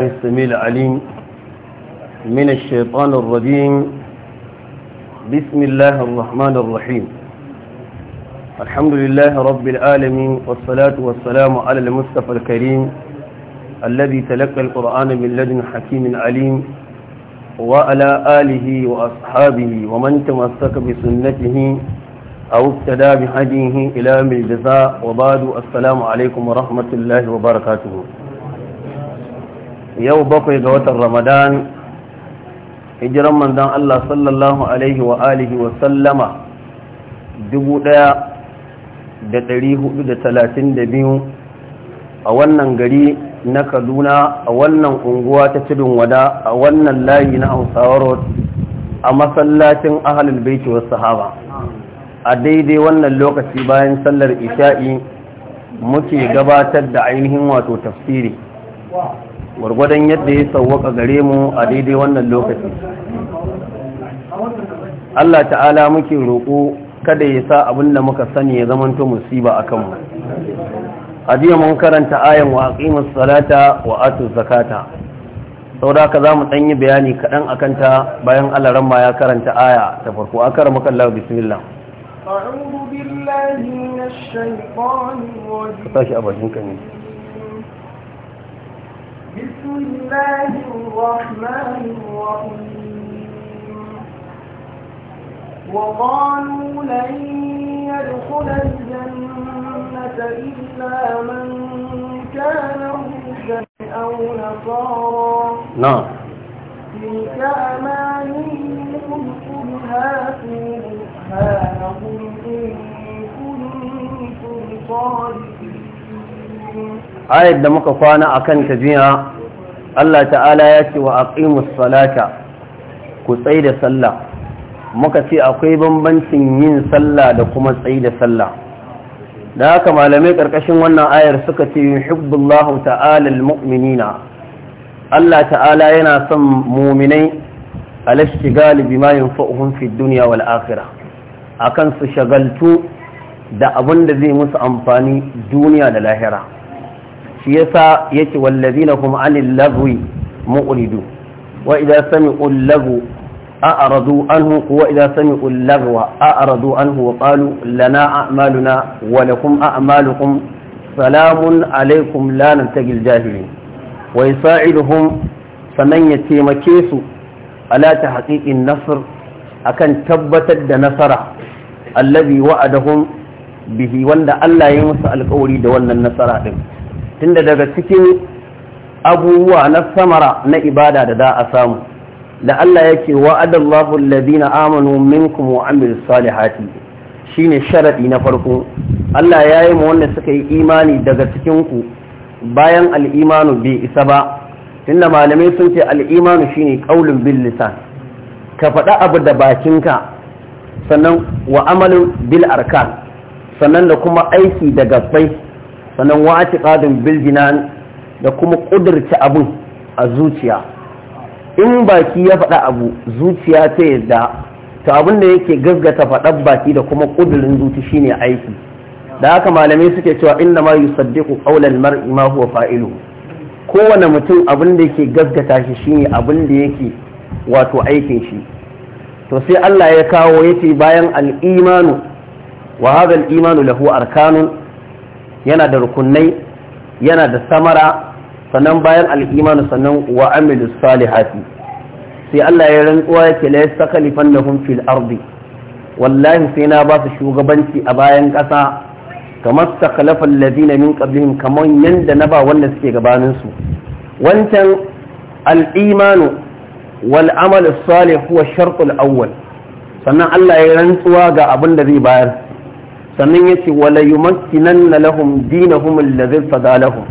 السميع العليم من الشيطان الرجيم بسم الله الرحمن الرحيم الحمد لله رب العالمين والصلاة والسلام على المصطفى الكريم الذي تلقى القرآن من لدن حكيم عليم وعلى آله وأصحابه ومن تمسك بسنته أو ابتدى بهديه إلى من الجزاء وبعد السلام عليكم ورحمة الله وبركاته yau bakwai ga watan ramadan hijiran manzan Allah sallallahu alaihi wa alihi wa sallama biyu a wannan gari na kaduna a wannan unguwa ta tudun wada a wannan layi na hausawa road a masallacin ahalin baiti wasu sahaba a daidai wannan lokaci bayan sallar isha'i muke gabatar da ainihin wato tafsiri gwargwadon yadda ya sauwaka gare mu a daidai wannan lokaci Allah ta'ala muke roƙo kada ya sa abin da muka sani ya zamanto musiba a kanmu a jiya mun karanta ayan wa aqimus salata wa atu zakata da aka za mu yi bayani kaɗan a kanta bayan Allah ma ya karanta aya ta farko a maka Allah bismillah a'udhu billahi بسم الله الرحمن الرحيم وقالوا لن يدخل الجنة إلا من كان هودا أو نصارا نعم تلك أمانيهم قل هاتوا برهانهم إن كنتم صادقين ayar da muka kwana a kan ta jiya Allah ta'ala ya ce wa aqimus salata ku tsai da sallah muka ce akwai bambancin yin sallah da kuma tsai da sallah da haka malamai karkashin wannan ayar suka ce yuhibbullahu ta'ala almu'minina Allah ta'ala yana son mu'minai alashtigal bima yanfa'uhum fid dunya wal akhirah akan su shagaltu da abin da zai musu amfani duniya da lahira shi yasa yake wallazina kuma anil lagwi mu'ridu wa idza sami'u lagu a'radu anhu wa idza sami'u lagwa a'radu anhu wa qalu lana a'maluna wa lakum a'malukum salamun alaikum la nantagil jahilin wa yasa'iduhum sannan ya taimake su ala ta haqiqin nasr akan tabbatar da nasara allazi wa'adahum bihi wanda Allah ya musu alƙawari da wannan nasara din tunda daga cikin abubuwa na samara na ibada da za a samu da Allah yake wa'ada Allahu alladhina amanu minkum wa amilus salihati shine sharaɗi na farko Allah ya yi mu wanda suka yi imani daga cikin ku bayan al'imanu bai isa ba tunda malamai sun ce al'imanu shi shine qaulun bil lisan ka faɗa abu da bakinka sannan wa amalin bil arkan sannan da kuma aiki da gabbai sannan wa atiqadun bil jinan da kuma ƙudurci abun a zuciya in baki ya faɗa abu zuciya ta yadda to abin da yake gasgata faɗar baki da kuma kudurin zuci shine aiki da haka malamai suke cewa inda ma ku ƙaunar mar'i ma huwa fa'ilu kowane mutum abin da yake gasgata shi shine abin da yake wato aikin shi to sai Allah ya kawo yace bayan al'imanu wa hadha lahu arkanun yana da rukunai yana da samara sannan bayan al'imanu sannan wa amilu salihati sai Allah ya rantsuwa yake la yastakhlifan lahum fil ardi wallahi sai na ba su shugabanci a bayan ƙasa kamar stakhlafa alladhina min qablihim kamar yanda na ba wanda suke gabanin su wancan al'imanu wal amal salih huwa shartul awwal sannan Allah ya rantsuwa ga abin da zai bayar sannan ya ce wala yumakkinan na lahum dinahum allazil fada lahum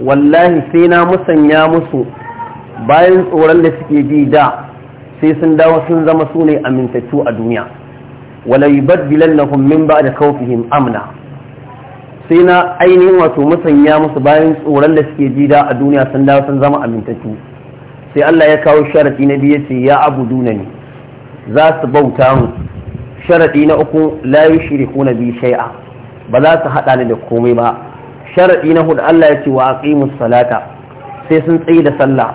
wallahi sai na musanya musu bayan tsoron da suke ji da sai sun dawo sun zama su ne amintattu a duniya wala yubaddilannahum min ba'da khawfihim amna sai na ainihin wato musanya musu bayan tsoron da suke ji da a duniya sun dawo sun zama amintattu sai Allah ya kawo sharadi na biyu ya ce ya abu dunani za su bauta mu sharadi na uku shiri kuna bi shai'a ba za su hada ni da komai ba sharadi na hudu Allah ya ce wa aqimus salata sai sun tsayi da sallah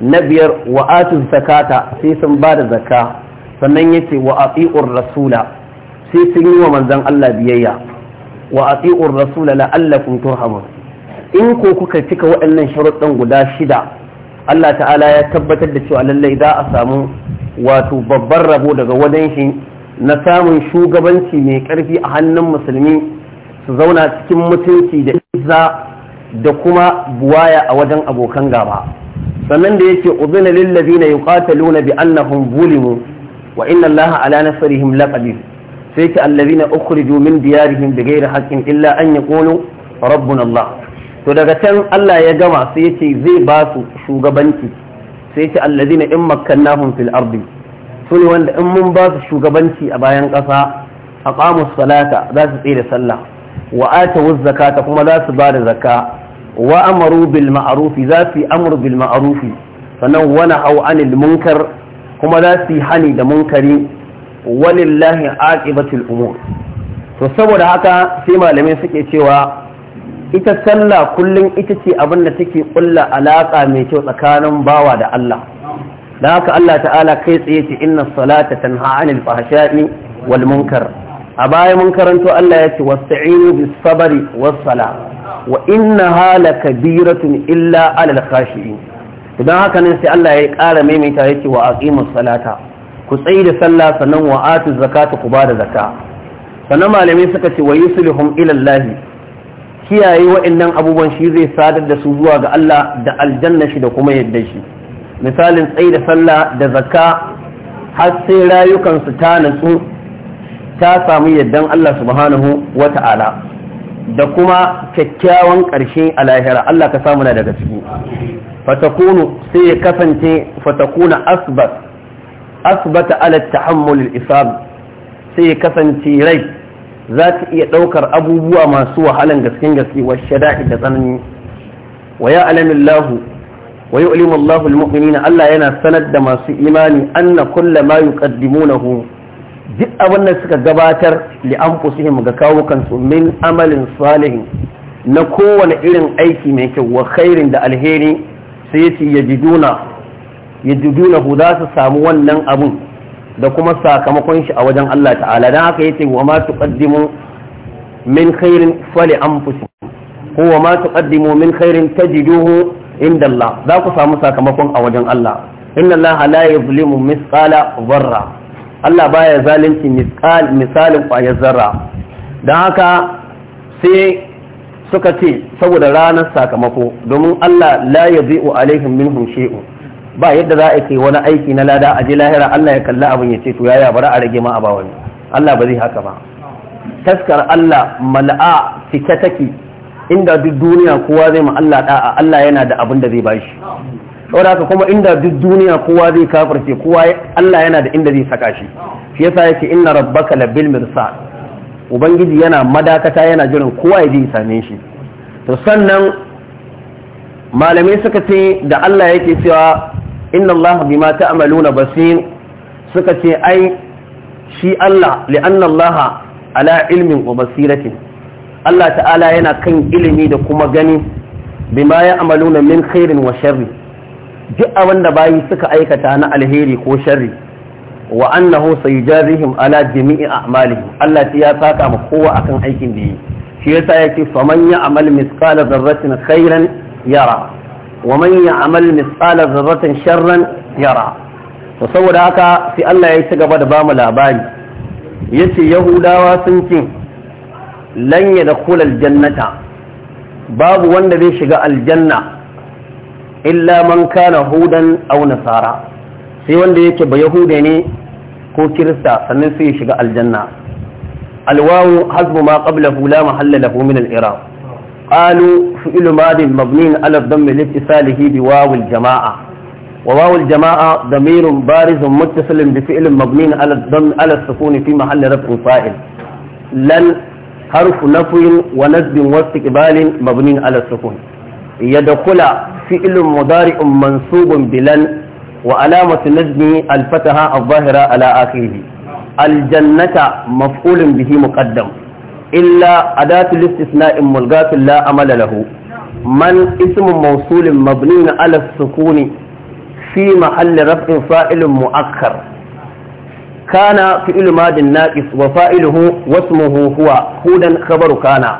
na biyar wa atuz zakata sai sun ba da zakka sannan ya ce wa ati'ur rasula sai sun yi wa manzon Allah biyayya wa ati'ur rasula la'allakum turhamun in ko kuka cika waɗannan sharuɗan guda shida Allah ta'ala ya tabbatar da cewa lallai za a samu wato babban rabo daga wajen shi na samun shugabanci mai ƙarfi a hannun musulmi su zauna cikin mutunci da izza da kuma buwaya a wajen abokan gaba sannan da yake uzina lillazina yuqataluna bi annahum zulimu wa inna allaha ala nasrihim laqadir sai ta allazina ukhriju min diyarihim bighairi haqqin illa an yaqulu rabbuna allah to daga can Allah ya gama sai yace zai ba su shugabanci sai yace allazina in makkannahum fil ardi su ne wanda in mun ba su shugabanci a bayan ƙasa a ƙamus salata za su tsere sallah wa ata zakata kuma za su ba da zakka wa amaru bil ma'arufi za su yi amur bil ma'arufi sannan wani hau anil munkar kuma za su yi hani da munkari walillahi aqibatul umur to saboda haka sai malamai suke cewa ita sallah kullum ita ce abin da take kulla alaka mai kyau tsakanin bawa da Allah da haka Allah ta'ala kai tsaye ce inna salata tanha anil fahsha'i wal munkar a baya mun karanto Allah ya ce wasta'inu bis sabari was sala wa innaha lakabiratun illa alal khashi'in idan haka ne sai Allah ya ƙara maimaita ya ce wa aqimus salata ku tsayi da sallah sannan wa atu zakata ku ba da zakka sannan malamai suka ce wa yusluhum ila Allah kiyaye wa'annan abubuwan shi zai sadar da su zuwa ga Allah da aljanna shi da kuma yadda shi misalin tsaye da sallah da zakka har sai rayukansu ta natsu ta samu yaddan Allah subhanahu wa ta'ala da kuma kyakkyawan ƙarshe a lahira Allah ka samu na daga ciki fatakunu sai ya kasance fatakuna asbat asbata ala tahammul isab sai ya kasance rai za ta iya ɗaukar abubuwa masu wahalan gaskin gaske wa shada'i da tsanani wa ya alamin lahu wa yu'limu Allahu muminina Allah yana sanar da masu imani anna kulle ma yuqaddimunahu duk abin da suka gabatar li anfusihim ga kawo kansu min amalin salihin na kowane irin aiki mai kyau wa khairin da alheri sai yace yajiduna yajiduna hu za su samu wannan abun da kuma sakamakon shi a wajen Allah ta'ala don haka ce wa ma tuqaddimu min khairin fali ko wa ma tuqaddimu min khairin tajiduhu inda Allah za ku samu sakamakon a wajen Allah inna Allah la yuzlimu misqala zarra Allah baya zalunci misqal misalin ƙwayar zarra don haka sai suka ce saboda ranar sakamako domin Allah la yazi'u alaihim minhum shay'un ba yadda za a kai wani aiki na lada a je lahira Allah ya kalli abin ya ce to yaya bari a rage ma a ba wani Allah ba zai haka ba taskar Allah mal'a cike take inda duk duniya kowa zai ma Allah da'a Allah yana da abin da zai bashi saboda haka kuma inda duk duniya kowa zai kafirce kowa Allah yana da inda zai saka shi shi yasa yake inna rabbaka labil mirsad ubangiji yana madakata yana jiran kowa ya ji same shi to sannan malamai suka ce da Allah yake cewa inna Allah bima ta'maluna basir suka ce ai shi Allah li'anna Allah ala ilmin wa basiratin Allah ta'ala yana kan ilimi da kuma gani bima ya amaluna min khairin wa sharri duk abin da bayi suka aikata na alheri ko sharri wa annahu sayjarihim ala jami'i a'malihim Allah ya saka ma kowa akan aikin da yi shi yasa yake faman ya amal misqala dharratin khairan yara wa man ya amal dharratin sharran yara to saboda haka sai Allah ya ci gaba da bamu labari yace yahudawa sun ce da yadkhul aljannata babu wanda zai shiga aljanna illa man kana hudan aw nasara sai wanda yake ba yahude ne ko kirista sannan sai ya shiga aljanna alwawu hasbu ma qablahu la mahalla lahu min al-i'rab قالوا فعل ماض مبني على الضم لاتصاله بواو الجماعة وواو الجماعة ضمير بارز متصل بفعل مبني على الضم على السكون في محل رفع فاعل lan. حرف نفي ونسب واستقبال مبني على السكون يدخل فعل مضارع منصوب بلن وعلامة نجمه الفتحة الظاهرة على آخره الجنة مفعول به مقدم إلا أداة الاستثناء ملغاة لا أمل له من اسم موصول مبني على السكون في محل رفع فاعل مؤخر kana fi'il madin naqis wa fa'iluhu wasmuhu huwa hudan khabaru kana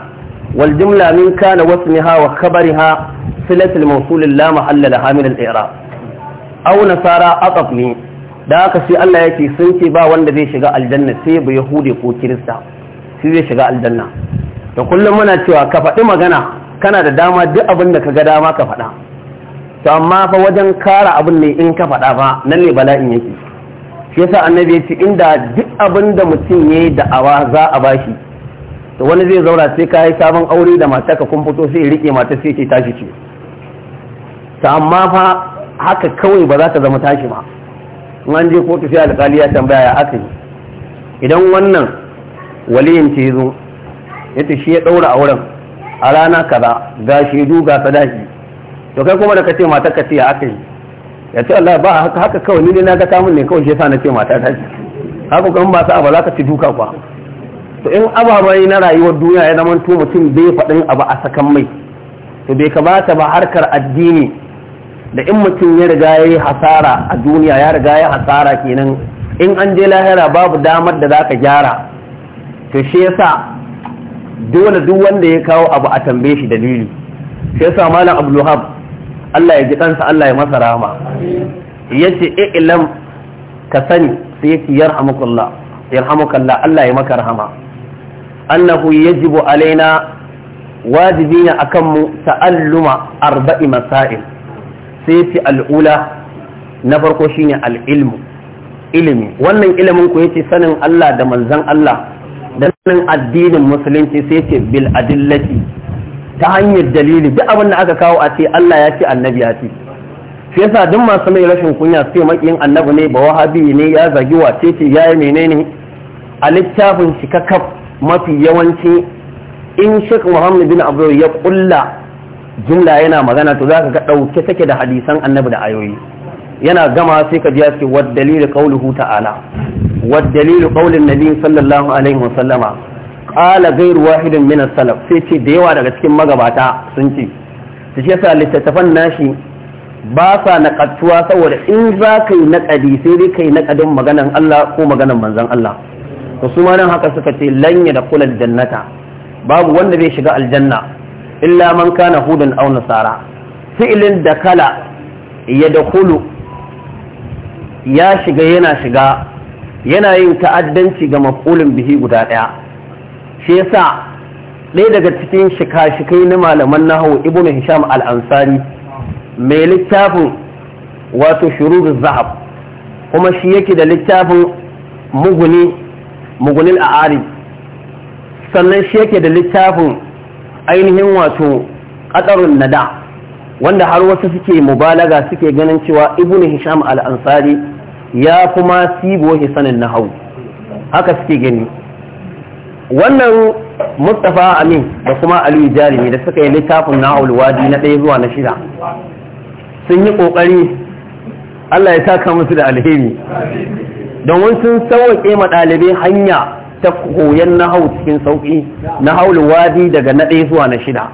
wal jumla min kana wasu ni hawa kabari ha, la mahalla laha min al i'rab aw nasara ataf ne da haka sai Allah ya ce sun ce ba wanda zai shiga aljanna sai ba yahudi ko kirista sai zai shiga aljanna da kullum muna cewa ka faɗi magana kana da dama duk abinda da ka ga dama ka faɗa to amma fa wajen kara abun ne in ka faɗa fa nan ne bala'in yake shi yasa annabi ya ce inda duk abin da mutum ya yi da'awa za a bashi to wani zai zaura sai ka yi sabon aure da mata ka kun fito sai rike mata sai ce tashi ce ta amma fa haka kawai ba za ta zama tashi ba in an je kotu sai alƙali ya tambaya ya aka yi idan wannan waliyin ce zo ya ta shi ya ɗaura auren a rana kaza ga shaidu ga sadaki to kai kuma da ka ce mata ka ce ya aka yi ya ce Allah ba haka haka kawai ni ne na ga kamun ne kawai shi yasa na ce mata ta ce haka kuma ba sa ba za ka ci duka kwa to in ababai na rayuwar duniya ya zama to mutum bai faɗin abu a sakan mai to bai kamata ba harkar addini da in mutum ya riga ya yi hasara a duniya ya riga ya hasara kenan in an je lahira babu damar da za ka gyara to shi yasa dole duk wanda ya kawo abu a tambaye shi dalili shi yasa malam abdulhab Allah ya ji ɗansa Allah ya masa rahama yace i'lam ka sani sai yace yarhamukallah Allah ya maka rahama annahu yajibu alaina wajibi ne akan mu ta'alluma arba'i masail sai yace al'ula na farko shine al'ilmu ilimi wannan ilimin ku yace sanin Allah da manzon Allah da sanin addinin musulunci sai yace bil adillati ta hanyar dalili duk abin da aka kawo a ce Allah ya ce annabi ya ce sai yasa duk masu mai rashin kunya sai makiyin annabi ne ba wahabi ne ya zagi wace ce ya yi menene a littafin shi kakaf mafi yawanci in shek muhammad bin abu ya kulla jumla yana magana to zaka ga dauke take da hadisan annabi da ayoyi yana gama sai ka ji ya ce wa dalilu qawluhu ta'ala wa dalilu qawlin nabi sallallahu alaihi wa qala ghayru wahidin min as-salaf sai ce da yawa daga cikin magabata sun ce su ce sa littattafan nashi ba sa naƙatuwa saboda in za ka yi naƙadi sai dai ka yi maganan Allah ko maganan manzon Allah to su ma nan haka suka ce lanya da kula jannata babu wanda zai shiga aljanna illa man kana hudun aw nasara fi'lin da kala ya da ya shiga yana shiga yana yin ta'addanci ga maf'ulin bihi guda ɗaya shi yasa ɗaya daga cikin shika-shikai na malaman nahawu ibnu hisham al-ansari mai littafin wato da zahab kuma shi yake da littafin muguni mugunin a'ari sannan shi yake da littafin ainihin wato ƙadarun nada wanda har wasu suke mubalaga suke ganin cewa ibnu hisham al-ansari ya kuma sibo hisanin nahawu haka suke gani wannan mustafa amin da kuma aliyu jarumi da suka yi littafin na wadi na ɗaya zuwa na shida sun yi ƙoƙari allah ya taka musu da alheri domin sun sauwaƙe ma ɗalibai hanya ta koyon nahau cikin sauƙi na nahaul wadi daga na ɗaya zuwa na shida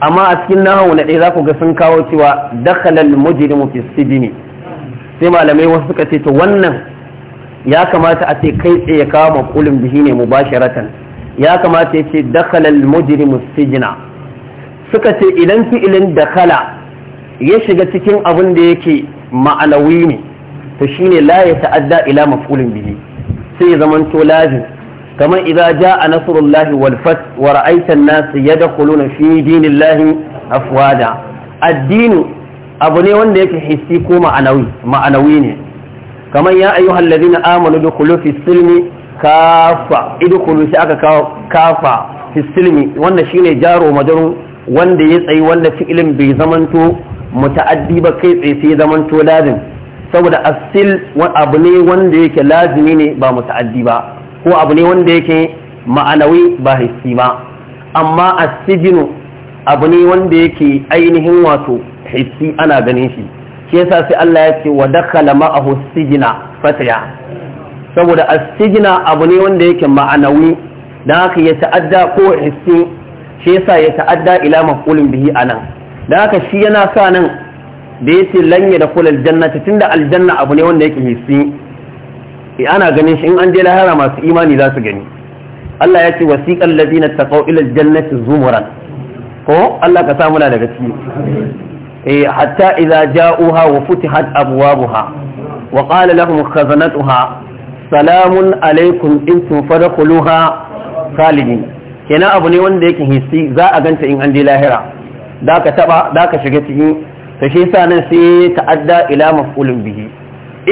amma a cikin nahau na ɗaya za ku ga sun kawo cewa dakhalal mujrimu fi sai malamai wasu suka ce to wannan ya kamata a ce kai tsaye kawo makulin bihi ne mubasharatan ya kamata ya ce dakhala al-mujrimu suka ce idan fi'ilin dakala ya shiga cikin abin da yake ma'anawi ne to shine la ya ta'adda ila makulin bihi sai ya zaman to lazim kamar idza jaa nasrullahi wal fath wa ra'aita an-nas yadkhuluna fi dinillahi afwada addini abu ne wanda yake hissi ko ma'anawi ma'anawi ne kamar ya ayyuhal ladina amanu dukhulu fi silmi kafa idkhulu sai aka kafa fi silmi wannan shine jaro majaru wanda ya tsayi wanda fi'ilin bai zamanto muta'addi ba kai tsaye sai zamanto lazim saboda asil wa abu ne wanda yake lazimi ne ba muta'addi ba ko abu ne wanda yake ma'anawi ba hissi ba amma asijinu abu ne wanda yake ainihin wato hissi ana ganin shi shi yasa sai Allah ya ce wa dakhala ma'ahu sijina fatya saboda as-sijna abu ne wanda yake ma'anawi dan haka ya ta'adda ko hissi shi yasa ya ta'adda ila maf'ulin bihi anan dan haka shi yana sa nan da yace lan ya dakula aljannata tunda aljanna abu ne wanda yake hissi eh, ana ganin shi in an je lahara masu imani za su gani Allah ya ce wasiqal ladina taqaw ila aljannati zumuran ko Allah ka samu na daga ciki hatta idza ja'uha wa futihat abwabuha wa qala lahum khazanatuha salamun alaikum in tunfadkhuluha khalidin kenan abu ne wanda yake hisi za a ganta in an je lahira da ka taba da ka shiga cikin ta shi sa nan sai ta'adda ila maf'ulun bihi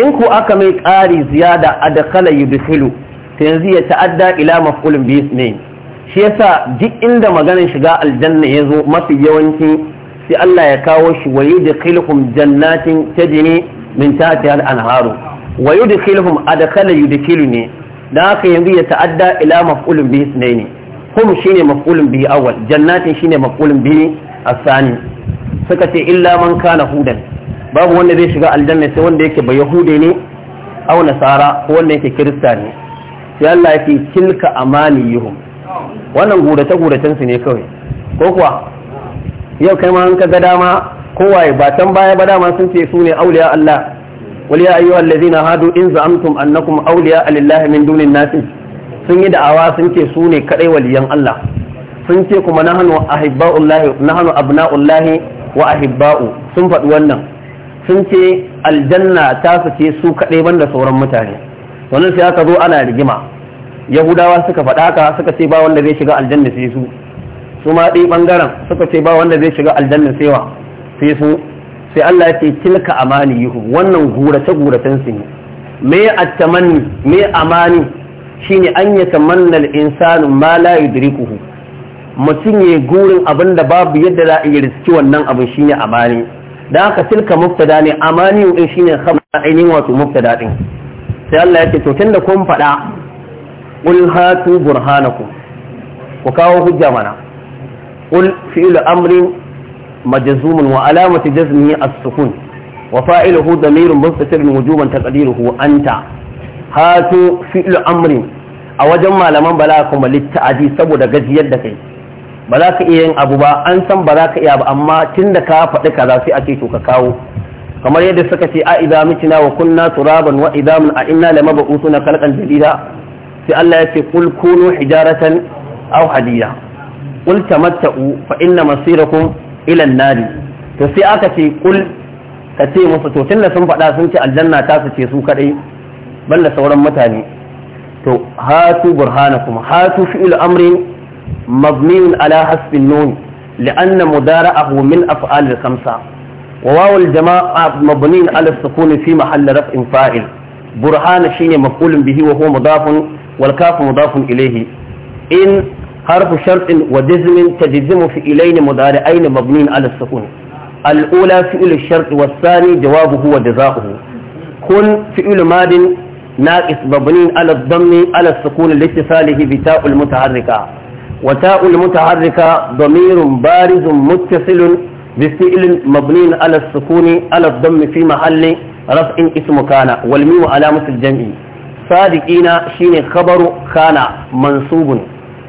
in ku aka mai ƙari ziyada adkhala yudkhilu ta yanzu ya ta'adda ila maf'ulun bihi ne shi yasa duk inda maganar shiga aljanna ya zo mafi yawanci sai Allah ya kawo shi wa yudkhiluhum jannatin tajri min tahtiha al-anharu wa yudkhiluhum da kilu ne dan haka yanzu ya ta'adda ila maf'ulun bihi sunaini hum shine maf'ulun bihi awwal jannatin shine maf'ulun bihi asani suka ce illa man kana hudan babu wanda zai shiga aljanna sai wanda yake ba yahude ne aw nasara ko wanda yake kirista ne sai Allah yake tilka amaniyuhum wannan gurata guratan su ne kawai ko kuwa yau kai ma an ka ga dama kowaye ba can baya ba dama sun ce su ne auliya Allah wal ya ayyuha allazina hadu in za'amtum annakum awliya lillahi min dunin nas sun yi da'awa sun ce su ne kadai waliyan Allah sun ce kuma nahnu ahibba'ullahi nahnu abna'ullahi wa ahibba'u sun faɗi wannan sun ce aljanna ta fice su kadai banda sauran mutane wannan sai aka zo ana rigima yahudawa suka faɗa haka suka ce ba wanda zai shiga aljanna sai su su ma ɗi ɓangaren suka ce ba wanda zai shiga aljanna saiwa sai su sai Allah ya ce tilka amani yuhu wannan gurace guracen su ne me attamanni me amani shine an ya tamanna al-insanu ma la yudrikuhu mutum ya gurin abin da babu yadda za a yi riski wannan abin shine amani da haka tilka mubtada ne amani din shine khabar ainihin wato mubtada din sai Allah ya ce to tunda kun faɗa qul hatu burhanakum ku kawo hujja mana قل فعل أمر مجزوم وعلامة جزمه السكون وفاعله ضمير مستتر وجوبا تقديره أنت Amrin فعل أمر أوجم Bala, بلاكم للتعدي سبود gajiyar da kai ba za ka iya yin abu ba an san ba za ka iya ba amma tinda ka faɗi kaza sai a ce to ka kawo kamar yadda suka ce a idza mitina wa kunna turaban a inna lamabusuna sai Allah ya ce kul kunu hijaratan ƙul tamatta'u fa inna masirakum ila an to sai aka ce qul ka ce musu to tunda sun faɗa sun ce aljanna ta su ce su kadai balla sauran mutane to hatu burhanakum hatu fi'il amrin mabniun ala hasbin nun لأن مدارعه من أفعال الخمسة وواو الجماعة مبني على السكون في محل رفع فاعل برهان شين مفعول به وهو مضاف والكاف مضاف إليه إن حرف شرط وجزم تجزم في إلين مضارعين مبنين على السكون الأولى فعل الشرط والثاني جوابه وجزاؤه كن فعل ماد ناقص مبنين على الضم على السكون لاتصاله بتاء المتحركة وتاء المتحركة ضمير بارز متصل بفعل مبني على السكون على الضم في محل رفع اسم كان والميم علامة الجمع صادقين شين خبر كان منصوب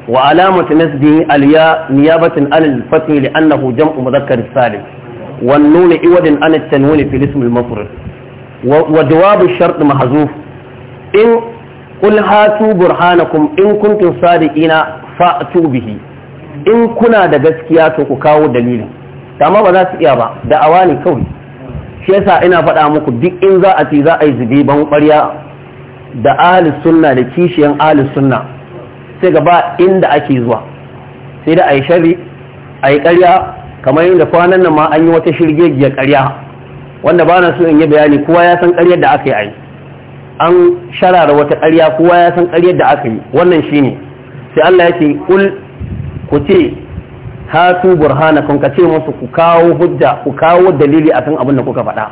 وعلامة نسبه الياء نيابة عن الفتح لأنه جمع مذكر السالم والنون عوض عن التنوين في الاسم المفرد وجواب الشرط محذوف إن قل هاتوا برهانكم إن كنتم صادقين فأتوا به in kuna da gaskiya to ku kawo dalilin amma ba za su iya ba da'awa ne kawai shi ina faɗa muku duk in za a ce za a yi zube ban ƙwarya da ahli sunna da kishiyar ahli sunna sai ga ba inda ake zuwa sai da a yi shari a yi karya kamar yadda kwanan nan ma an yi wata shirgegiyar karya wanda ba na so in yi bayani kowa ya san karyar da aka yi an sharara wata karya kowa ya san karyar da aka yi wannan shine sai Allah ya ce kul ku ce burhana kun ka ce musu ku kawo hujja ku kawo dalili akan abin da kuka faɗa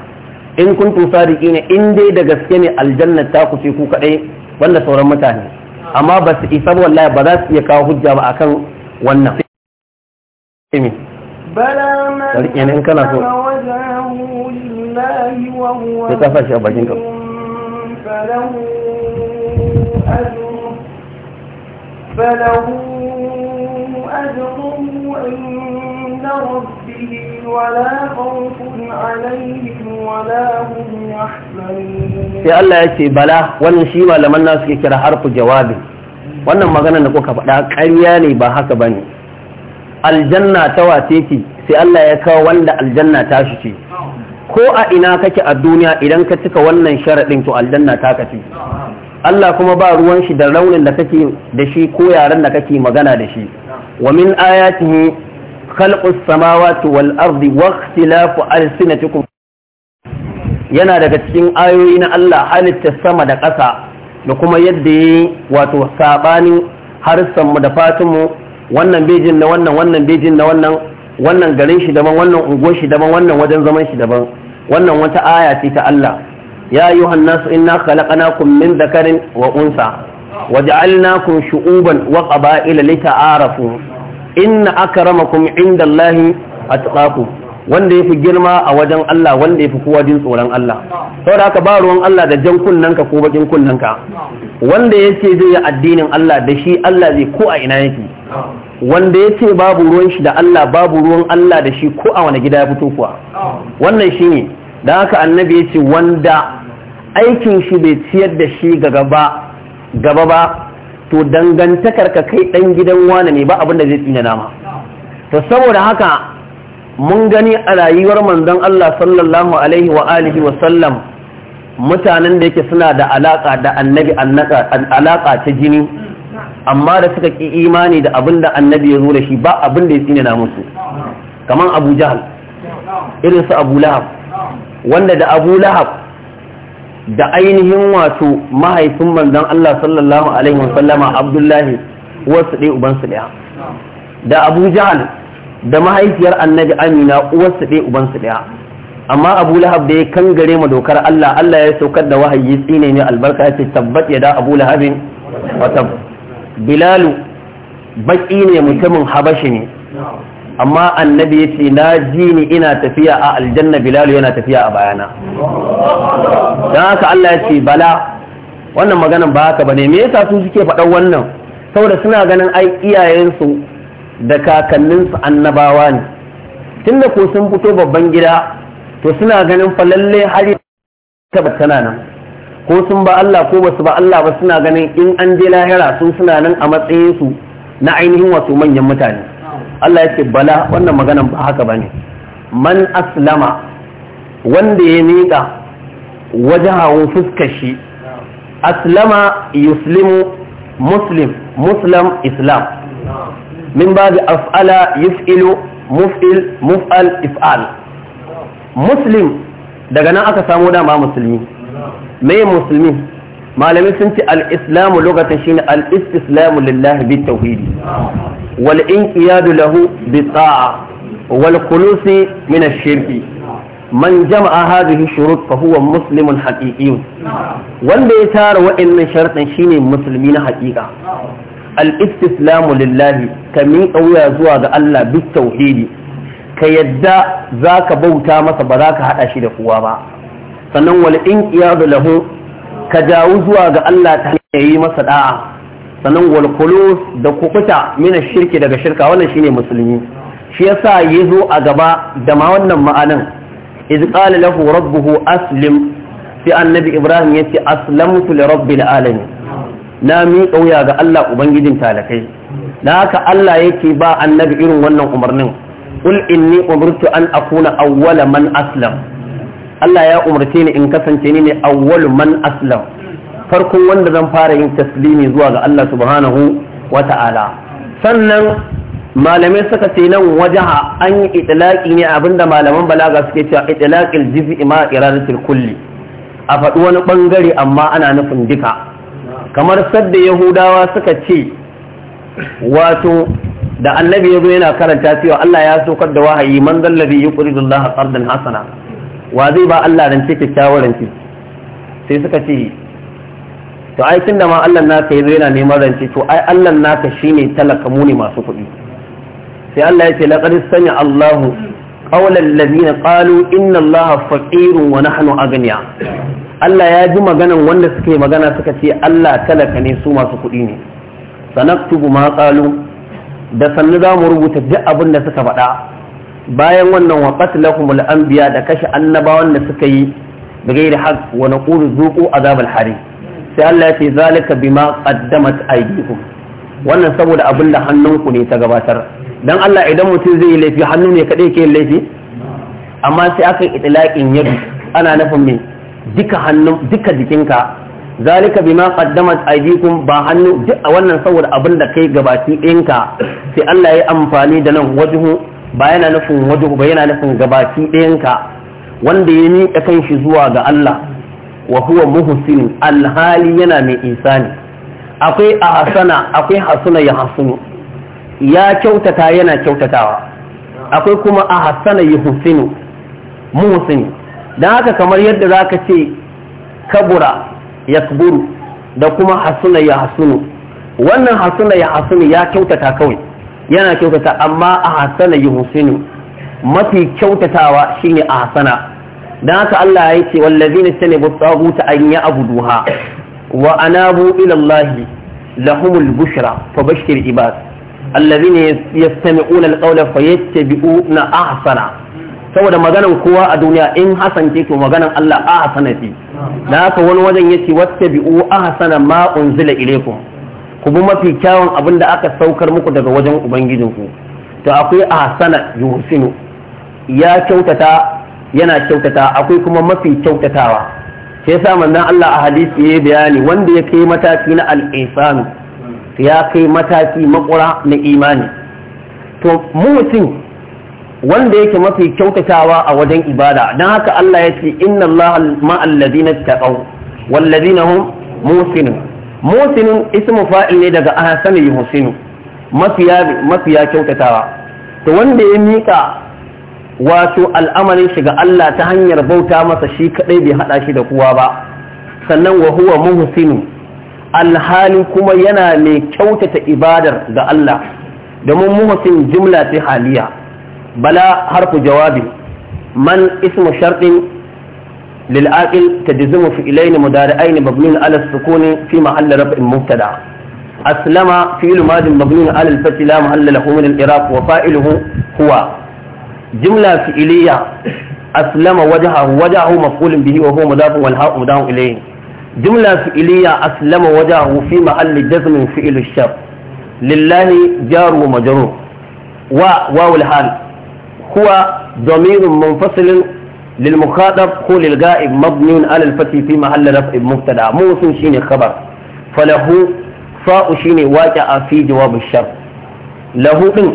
in kuntum sadiqina in dai da gaske ne aljanna ta ku ce ku kadai banda sauran mutane amma ba su isa wallahi ba za su iya kawo hujja ba akan wannan bala man in kana so ya kafa shi a bakin ka فله أجره عند ربه ولا خوف عليهم ولا هم يحزنون wannan shi malaman nasu ke kira harfu jawabi wannan magana da kuka faɗa ƙarya ne ba haka bane aljanna ta wace ce sai Allah ya kawo wanda aljanna ta shi ce ko a ina kake a duniya idan ka cika wannan sharaɗin to aljanna ta kace Allah kuma ba ruwan shi da raunin da kake da shi ko yaren da kake magana da shi wa min ayatihi khalqus samawati wal ardi wa ikhtilafu alsinatikum yana daga cikin ayoyi na Allah halitta sama da ƙasa da kuma yadda yi wato sabanin harsanmu da fatinmu wannan bejin na wannan wannan bejin na wannan wannan garin shi daban wannan unguwar shi daban wannan wajen zaman shi daban wannan wata aya ce ta Allah ya ayyuhan nasu inna khalaqnakum min dhakarin wa unsa waja'alnakum shu'uban wa qaba'ila lita'arafu inna akramakum indallahi atqakum wanda yafi girma a wajen Allah wanda yafi kowa jin tsoron Allah saboda haka ba ruwan Allah da jan ka ko bakin ka, wanda yace zai yi addinin Allah da shi Allah zai ko a ina yake wanda yace babu ruwan shi da Allah babu ruwan Allah da shi ko a wani gida ya fito kuwa wannan shine da haka annabi ya yace wanda aikin shi bai ciyar da shi ga gaba gaba ba to dangantakar ka kai dan gidan wane ne ba abin da zai tsina nama to saboda haka mun gani a rayuwar manzon Allah sallallahu alaihi wa alihi wa sallam mutanen da yake suna da alaka da annabi alaka ta jini amma da suka ki imani da abin da annabi ya zo da shi ba abin da ya tsina na musu kamar Abu Jahal irin su Abu Lahab wanda da Abu Lahab da ainihin wato mahaifin manzon Allah sallallahu alaihi wasallama Abdullahi wasu uban ubansu ɗaya da Abu Jahal da mahaifiyar Annabi Amina uwarsu uban ubansu ɗaya amma Abu Lahab da ya kangare ma dokar Allah Allah ya saukar da wahayi tsine mai albarka ya ce tabbat ya da Abu Lahabin wa tab Bilalu baki ne mutumin Habashi ne amma annabi ya ce na ji ni ina tafiya a aljanna Bilal yana tafiya a bayana don haka Allah ya ce bala wannan maganan ba haka bane me yasa su suke faɗan wannan saboda suna ganin ai iyayensu da kakanninsu annabawa ne tunda ko sun fito babban gida to suna ganin fa lalle har ta tana nan ko sun ba Allah ko basu ba Allah ba suna ganin in an je lahira sun suna nan a matsayinsu na ainihin wasu manyan mutane Allah ya ce bala wannan maganan ba haka ba ne. man aslama wanda ya miƙa wajahawo fuskar shi aslama yuslimu muslim muslim islam min ba da af'ala yuf'ilu muf'il muf'al if'al muslim daga nan aka samu dama musulmi me musulmi malami sun ce al-islamu lokacin shine al-istislamu lillahi bi tauhidi wal inqiyadu lahu bi ta'a wal khulusi min ash-shirki man jama'a hadhihi shurut fa huwa muslimun haqiqiyyun wanda ya tara wa'annan shartan shine musulmi na haqiqa al-istislamu lillahi ka min kauya zuwa ga Allah bi tauhidi ka yadda zaka bauta masa ba za ka hada shi da kowa ba sannan wal inqiyadu lahu ka jawo zuwa ga Allah ta hanyar yi masa da'a sannan walkulu da kukuta mina shirki daga shirka wannan shine musulmi shi yasa yazo a gaba da ma wannan ma'anan iz qala lahu rabbuhu aslim sai annabi ibrahim yace aslamtu li rabbil alamin na mi kauya ga Allah ubangijin talakai dan haka Allah yake ba annabi irin wannan umarnin qul inni umirtu an akuna awwala man aslam Allah ya umarce ni in kasance ni ne awwalu man aslam farkon wanda zan fara yin taslimi zuwa ga Allah subhanahu wa ta'ala sannan malamai suka ce nan wajaha an yi itilaki ne abinda malaman balaga suke cewa itilaqil jiz'i ma iradatul kulli a faɗi wani bangare amma ana nufin duka kamar sadda yahudawa suka ce wato da annabi ya zo yana karanta cewa Allah ya sokar da wahayi man zallabi yuqridu Allah qardan hasana wa zai ba Allah rance kyakkyawar rance sai suka ce to ai tunda ma Allah naka yazo yana neman rance to ai Allah naka shine talaka mu ne masu kuɗi sai Allah ya ce laqad sami Allahu qawlan ladina qalu inna Allaha faqirun wa nahnu aghniya Allah ya ji maganan wanda suke magana suka ce Allah talaka ne su masu kuɗi ne sanaktubu ma qalu da sannu za mu rubuta duk abin da suka faɗa bayan wannan wa qatlahumul anbiya da kashe annabawan da suka yi da gairi haq wa naqulu zuqu azabal hari sai Allah ya ce zalika bima qaddamat aydikum wannan saboda abin da hannunku ne ta gabatar dan Allah idan mutum zai yi laifi hannu ne kadai ke laifi amma sai aka itlaqin yadu ana nufin me duka hannu duka jikinka zalika bima qaddamat aydikum ba hannu wannan saboda abin da kai gabati ɗinka sai Allah ya amfani da nan wajhu ba yana nufin waje ba yana nufin gabaki ɗayanka wanda ya miƙa kan shi zuwa ga Allah wa huwa muhsin alhali yana mai insani akwai a hasana akwai hasuna ya hasunu ya kyautata yana kyautatawa akwai kuma a hasana ya husinu muhsin Dan haka kamar yadda zaka ce kabura ya da kuma hasuna ya hasunu wannan hasuna ya hasunu ya kyautata kawai yana kyautata amma a hasana yi husinu mafi kyautatawa shine a hasana don haka Allah ya ce wallazi ne sani bu an yi abu duha wa anabu ilallahi lahumul bushra fa bashir ibad allazi ne ya sami unar ƙaunar fa yadda na a hasana saboda maganan kowa a duniya in hasan ce to maganan Allah a hasana haka wani wajen ya ce wata bi'u a hasana ma unzila ilaikum ku bi mafi kyawun abin da aka saukar muku daga wajen ubangijinku to akwai ahsana yuhsinu ya kyautata yana kyautata akwai kuma mafi kyautatawa sai yasa manzon Allah a hadisi yayi bayani wanda ya kai mataki na al-ihsan ya kai mataki makura na imani to mutum wanda yake mafi kyautatawa a wajen ibada dan haka Allah ya ce inna Allah ma'al ladina taqaw wal ladina hum muhsinun musinin ismu fa'il ne daga ahsana yuhsinu mafiya mafiya kyautatawa to wanda ya mika wato al'amarin shi ga Allah ta hanyar bauta masa shi kadai bai haɗa shi da kowa ba sannan wa huwa muhsinu alhali kuma yana mai kyautata ibadar ga Allah domin muhsin jumla ta haliya bala harfu jawabi man ismu sharɗin للآكل تجزم فعلين مضارعين مبنين على السكون في محل رفع مبتدع أسلم فعل ماض مبني على الفتح لا محل له من الإعراب وفاعله هو جملة فعلية أسلم وجهه وجهه مفعول به وهو مضاف والهاء مضاف إليه جملة فعلية أسلم وجهه في محل جزم فعل الشر لله جار ومجرور و واو الحال هو ضمير منفصل للمخاطب هو للغائب مبني على الفتح في محل رفع مبتدا موسم شيني خبر فله فاء شيني واقع في جواب الشر له إن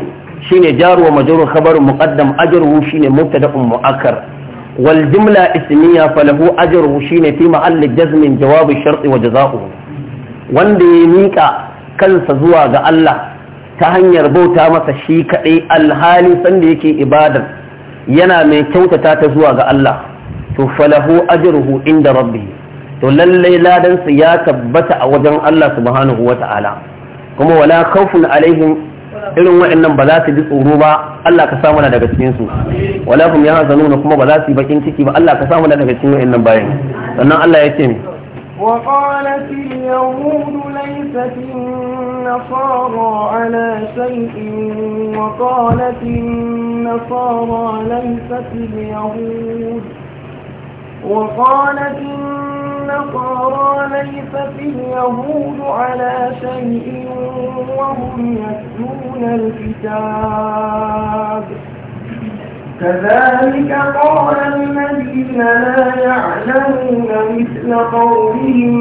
شيني جار ومجرور خبر مقدم أجره شيني مبتدا مؤخر والجملة اسمية فله أجره شيني في محل جزم جواب الشرط وجزاؤه wanda ya miƙa kansa zuwa ga Allah ta hanyar bauta masa shi kaɗai alhali sanda yake ibadar yana mai kyautata ta zuwa ga Allah to falahu ajruhu inda rabbi to lallai ladan su ya tabbata a wajen Allah subhanahu wa Ta'ala, kuma wala khawfun alaihim irin wa'annan ba za su ji tsoro ba Allah ka samu na daga cikin su wala hum yahzanuna kuma ba za su yi bakin ciki ba Allah ka samu na daga cikin wa'annan bayan sannan Allah ya ce وقالت اليهود ليست النصارى على شيء وقالت النصارى ليست اليهود وقالت النصارى ليست اليهود على شيء وهم يتلون الكتاب كذلك قال الذين لا يعلمون مثل قولهم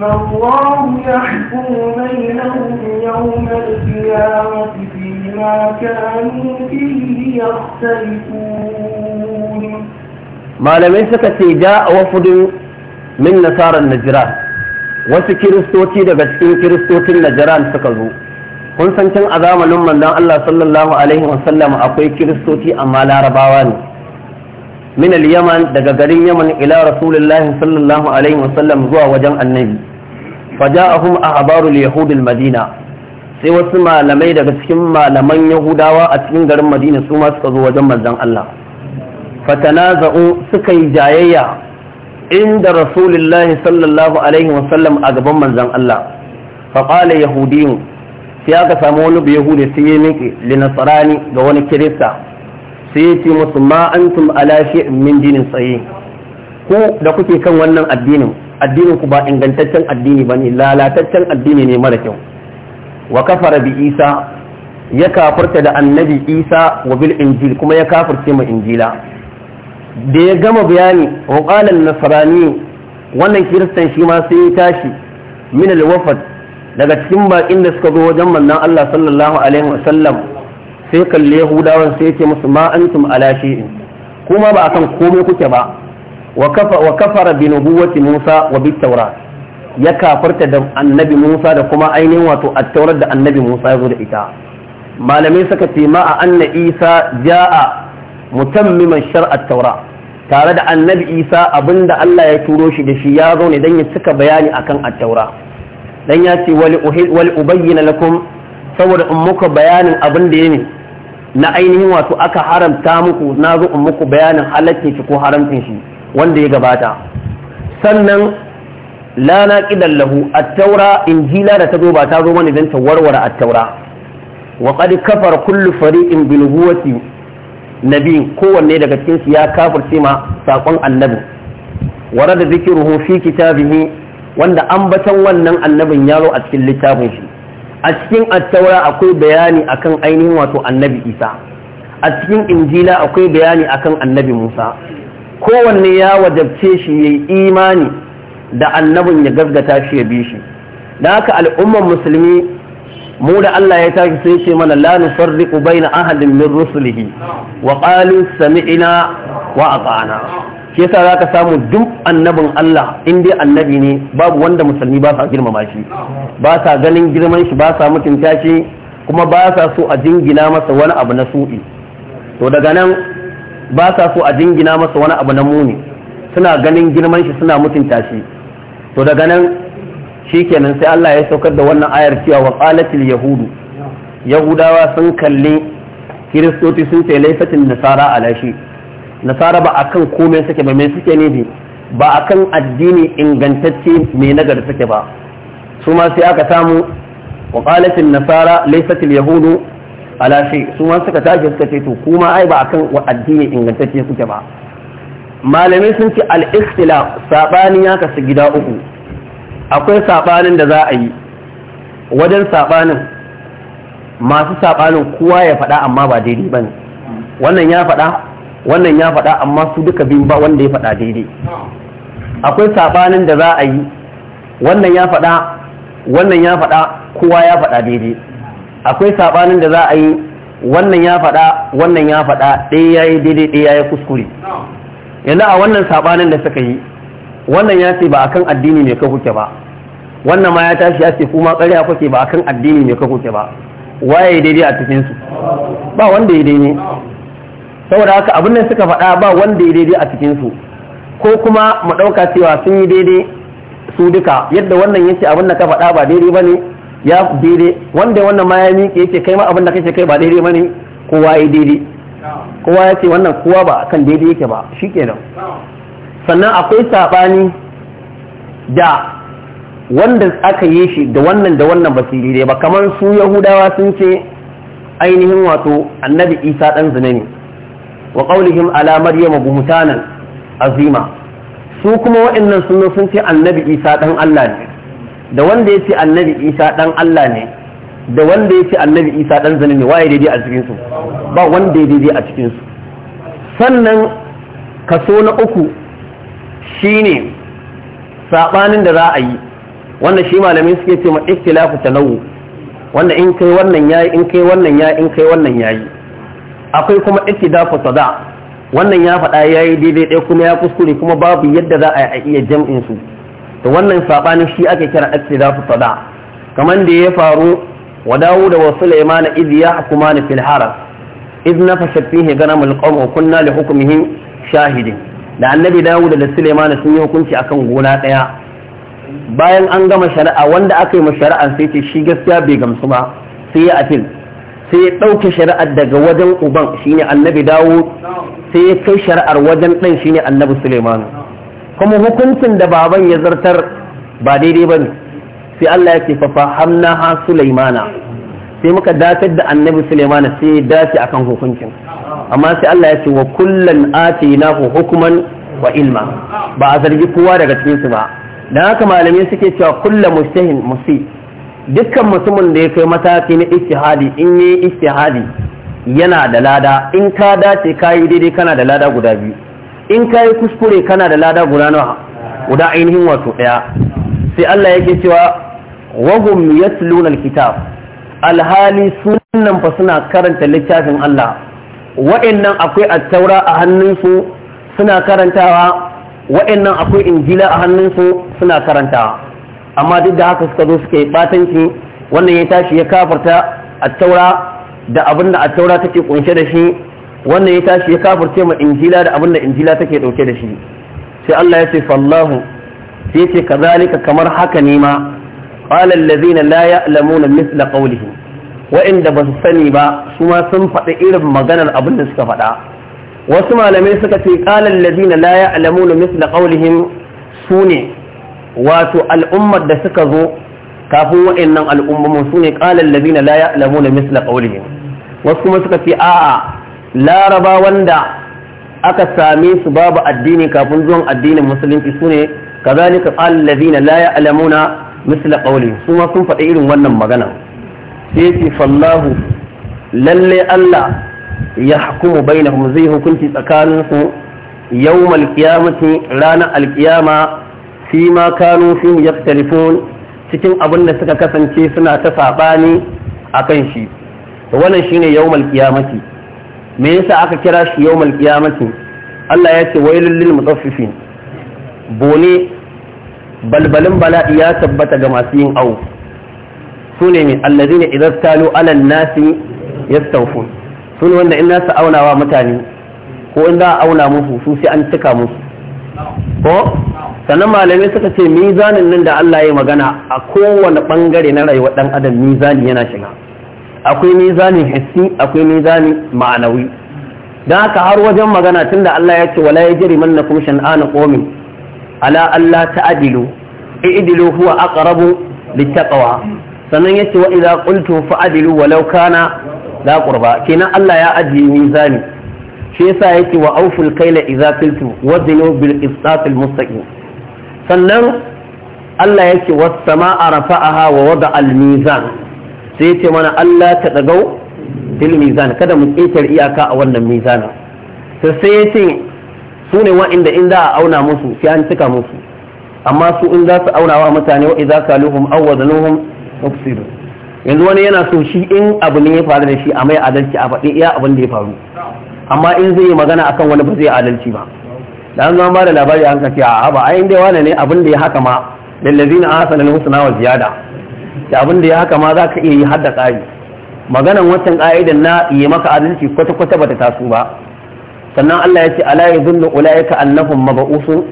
فالله يحكم بينهم يوم القيامة فيما كانوا فيه يختلفون ما لم يسك جاء وفد من نصارى النجران wasu kiristoci daga cikin kiristocin najaran suka kun san can a zamanin manzon Allah sallallahu alaihi wa sallam akwai kiristoci amma larabawa ne min al-yaman daga garin yaman ila rasulullahi sallallahu alaihi wa sallam zuwa wajen annabi faja'ahum ahbaru al-yahud al-madina sai wasu malamai daga cikin malaman yahudawa a cikin garin madina su ma suka zo wajen manzon Allah fatanaza'u suka yi jayayya inda rasulullahi sallallahu alaihi wa sallam a gaban manzon Allah faqala yahudiyyun sai aka samu wani bai hude sai ya miƙe linasarani ga wani kirista sai ya ce musu ma antum ala min dinin tsaye ku da kuke kan wannan addinin addinin ku ba ingantaccen addini ba ne, lalataccen addini ne mara kyau wa kafara bi isa ya kafarta da annabi isa wa bil injil kuma ya kafarce ma injila da ya gama bayani wa qala an-nasrani wannan kiristan shi ma sai ya tashi min al daga cikin bakin da suka zo wajen mannan Allah sallallahu alaihi wasallam sai kalle yahudawan sai ce musu ma antum ala shay'in kuma ba akan komai kuke ba wa kafa wa kafara bi Musa wa bi tawrat ya kafarta da annabi Musa da kuma ainihin wato at-taurat da annabi Musa ya zo da ita malamai suka ce ma a anna Isa ja'a mutammiman shar'at attaura, tare da annabi Isa abinda Allah ya turo shi da shi ya zo ne dan ya cika bayani akan at-taurat dan ya ce wal ubayyana lakum saboda in muku bayanin abin da yake na ainihin wato aka haramta muku na zo in muku bayanin halaccin shi ko haramcin shi wanda ya gabata sannan la naqidan lahu at-taura injila da ta zo ba ta zo mana dan ta warware at-taura wa qad kafara kullu fariqin bi nubuwati nabi kowanne daga cikin su ya kafirce ma sakon annabi warada zikruhu ta kitabihi wanda an batan wannan annabin yaro a cikin littafin shi a cikin attaura akwai bayani akan ainihin wato annabi isa a cikin injila akwai bayani akan annabi musa kowanne ya wajabce shi ya yi imani da annabin ya gazgata shi ya bi shi da haka al'ummar musulmi mu da Allah ya tashi sai ce mana la nufarriqu baina ahadin min rusulihi wa qalu sami'na wa ata'na shi yasa za ka samu duk annabin Allah in dai annabi ne babu wanda musulmi ba sa girmama shi ba sa ganin girman shi ba sa mutunta shi kuma ba sa so a jingina masa wani abu na su'i to daga nan ba sa so a jingina masa wani abu na muni suna ganin girman shi suna mutunta shi to daga nan shikenan sai Allah ya saukar da wannan ayar cewa wa qalatil yahudu yahudawa sun kalli kiristoci sun sai laifatin nasara alashi shi nasara ba akan komai suke ba mai suke ne ba akan addini ingantacce mai nagari suke ba su ma sai aka samu wa qalatin nasara laysat yahudu ala shay su ma suka tashi suka ce to kuma ai ba akan wa addini ingantacce suke ba malamai sun ce al saɓani sabani ya kasu gida uku akwai sabanin da za a yi wajen sabanin masu sabanin kowa ya faɗa amma ba daidai bane wannan ya faɗa wannan ya faɗa amma su duka biyun ba wanda ya faɗa daidai akwai sabanin da za a yi wannan ya faɗa wannan ya faɗa kowa ya faɗa daidai akwai sabanin da za a yi wannan ya faɗa wannan ya faɗa ɗaya ya yi daidai ɗaya ya kuskure yanzu a wannan sabanin da suka yi wannan ya ce ba akan addini ne ka kuke ba wannan ma ya tashi ya ce kuma ƙarya kuke ba akan addini ne ka kuke ba waye daidai a cikin su ba wanda ya daidai saboda haka abin nan suka faɗa ba wanda ya daidai a cikinsu ko kuma mu ɗauka cewa sun yi daidai su duka yadda wannan ya ce abin da ka faɗa ba daidai ba ne ya daidai wanda wannan ma ya miƙe ya ce kai ma abin da kake kai ba daidai ba ne kowa ya daidai kowa ya ce wannan kowa ba kan daidai yake ba shi kenan sannan akwai saɓani da wanda aka yi shi da wannan da wannan ba su daidai ba kamar su yahudawa sun ce ainihin wato annabi isa ɗan zina ne wa qawlihim ala maryama buhtanan azima su kuma waɗannan sun sun ce annabi isa dan Allah ne da wanda ya ce annabi isa dan Allah ne da wanda ya ce annabi isa dan zane ne waye daidai a cikin su ba wanda ya daidai a cikin su sannan kaso na uku shine sabanin da za a yi wanda shi malami suke ce ma ikhtilafu tanawu wanda in kai wannan yayi in kai wannan yayi in kai wannan yayi akwai kuma ikidafu sada wannan ya faɗa yayi daidai ɗaya kuma ya kuskure kuma babu yadda za a iya jam'in su to wannan saɓanin shi ake kira ikidafu sada kamar da ya faru wa Dawuda wa Sulaiman idh yahkumani fil haras idh nafashat fihi ganamul qawm wa kunna shahidin da annabi Dawud da Sulaiman sun yi hukunci akan gona ɗaya bayan an gama shari'a wanda aka yi ma shari'a sai ce shi gaskiya bai gamsu ba sai ya afil sai ya ɗauke shari'ar daga wajen uban shine annabi dawo sai ya kai shari'ar wajen ɗan shine annabi suleiman kuma hukuncin da baban ya zartar ba daidai ba ne sai allah ya ce fafa hamna ha suleimana sai muka datar da annabi suleimana sai ya dace akan hukuncin amma sai allah ya ce wa kullan ati na hukuman wa ilma ba a zargi kowa daga cikinsu ba da haka malamai suke cewa kullum mustahin musi dukkan mutumin da ya kai mataki na istihadi in yi istihadi yana da lada in ka dace ka yi daidai kana da lada guda biyu in ka yi kuskure kana da lada guda nawa guda ainihin wato ɗaya sai Allah yake cewa wahum yatluna alkitab alhali sunan fa suna karanta littafin Allah wa'annan akwai attaura a hannunsu suna karantawa wa'annan akwai injila a hannunsu suna karantawa amma duk da haka suka zo suka yi batanci wannan ya tashi ya kafarta a taura da abin da a taura take kunshe da shi wannan ya tashi ya kafarce ma injila da abin da injila take dauke da shi sai Allah ya ce fallahu sai ya ce kazalika kamar haka ne ma qala allazina la ya'lamuna misla qawlihim wa'inda ba su sani ba su ma sun faɗi irin maganar abin da suka faɗa wasu malamai suka ce qala allazina la ya'lamuna misla qawlihim sune wato al'ummar da suka zo kafin wa'annan al'ummomin su ne ƙalar labina la ya alamu na misla ƙaulihim wasu kuma suka fi a'a laraba wanda aka same su babu addini kafin zuwan addinin musulunci su ne ka ka ƙalar labina la ya alamu na misla ƙaulihim su ma sun faɗi irin wannan magana sai fi fallahu lalle Allah ya hukumu bainahum zai hukunci tsakaninsu yawmal qiyamati ranar alkiyama fi ma kanu fi yaktalifun cikin abin da suka kasance suna ta sabani kan shi wannan shine yawmal qiyamati me yasa aka kira shi yau qiyamati Allah ya ce wai lil mutaffifin bone balbalin bala'i ya tabbata ga masu yin awu su ne mai allazi ne idan talo alan nasi ya staufun su ne wanda in nasu aunawa mutane ko in za a auna musu su sai an cika musu ko sannan malamai suka ce mizanin nan da Allah ya magana a kowane bangare na rayuwar dan adam mizani yana shiga akwai mizanin hissi akwai mizani ma'anawi don haka har wajen magana tunda Allah ya ce wala yajri mannakum shan'anu qawmin ala alla ta'dilu i'dilu huwa aqrabu littaqwa sannan ya yace wa idza qultu fa'dilu walau kana la qurba kenan Allah ya ajiye mizani shi yasa yake wa auful kaila idza qiltu wazinu bil qisṭatil mustaqim sannan Allah yake wasama a rafa'aha wa wada almizan sai ce mana Allah ta ɗagau fil mizan kada mu ƙetar iyaka a wannan mizanin ta sai ce su ne wa'inda in za a auna musu sai an cika musu amma su in za su auna wa mutane wa idza kaluhum da wadanuhum tafsiru yanzu wani yana so shi in abu ne ya faru da shi a mai adalci a faɗi iya abin da ya faru amma in zai yi magana akan wani ba zai adalci ba da an zama ba da labari an kace a ba ayin dai wane ne abin da ya haka ma lillazina ahsana al-husna wa ziyada da abin da ya haka ma za ka iya yi hadda tsari maganan wancan ka'idan na yi maka adalci kwata kwata bata taso ba sannan Allah ya ce ala ya yadhunnu ulaika annahum mab'usun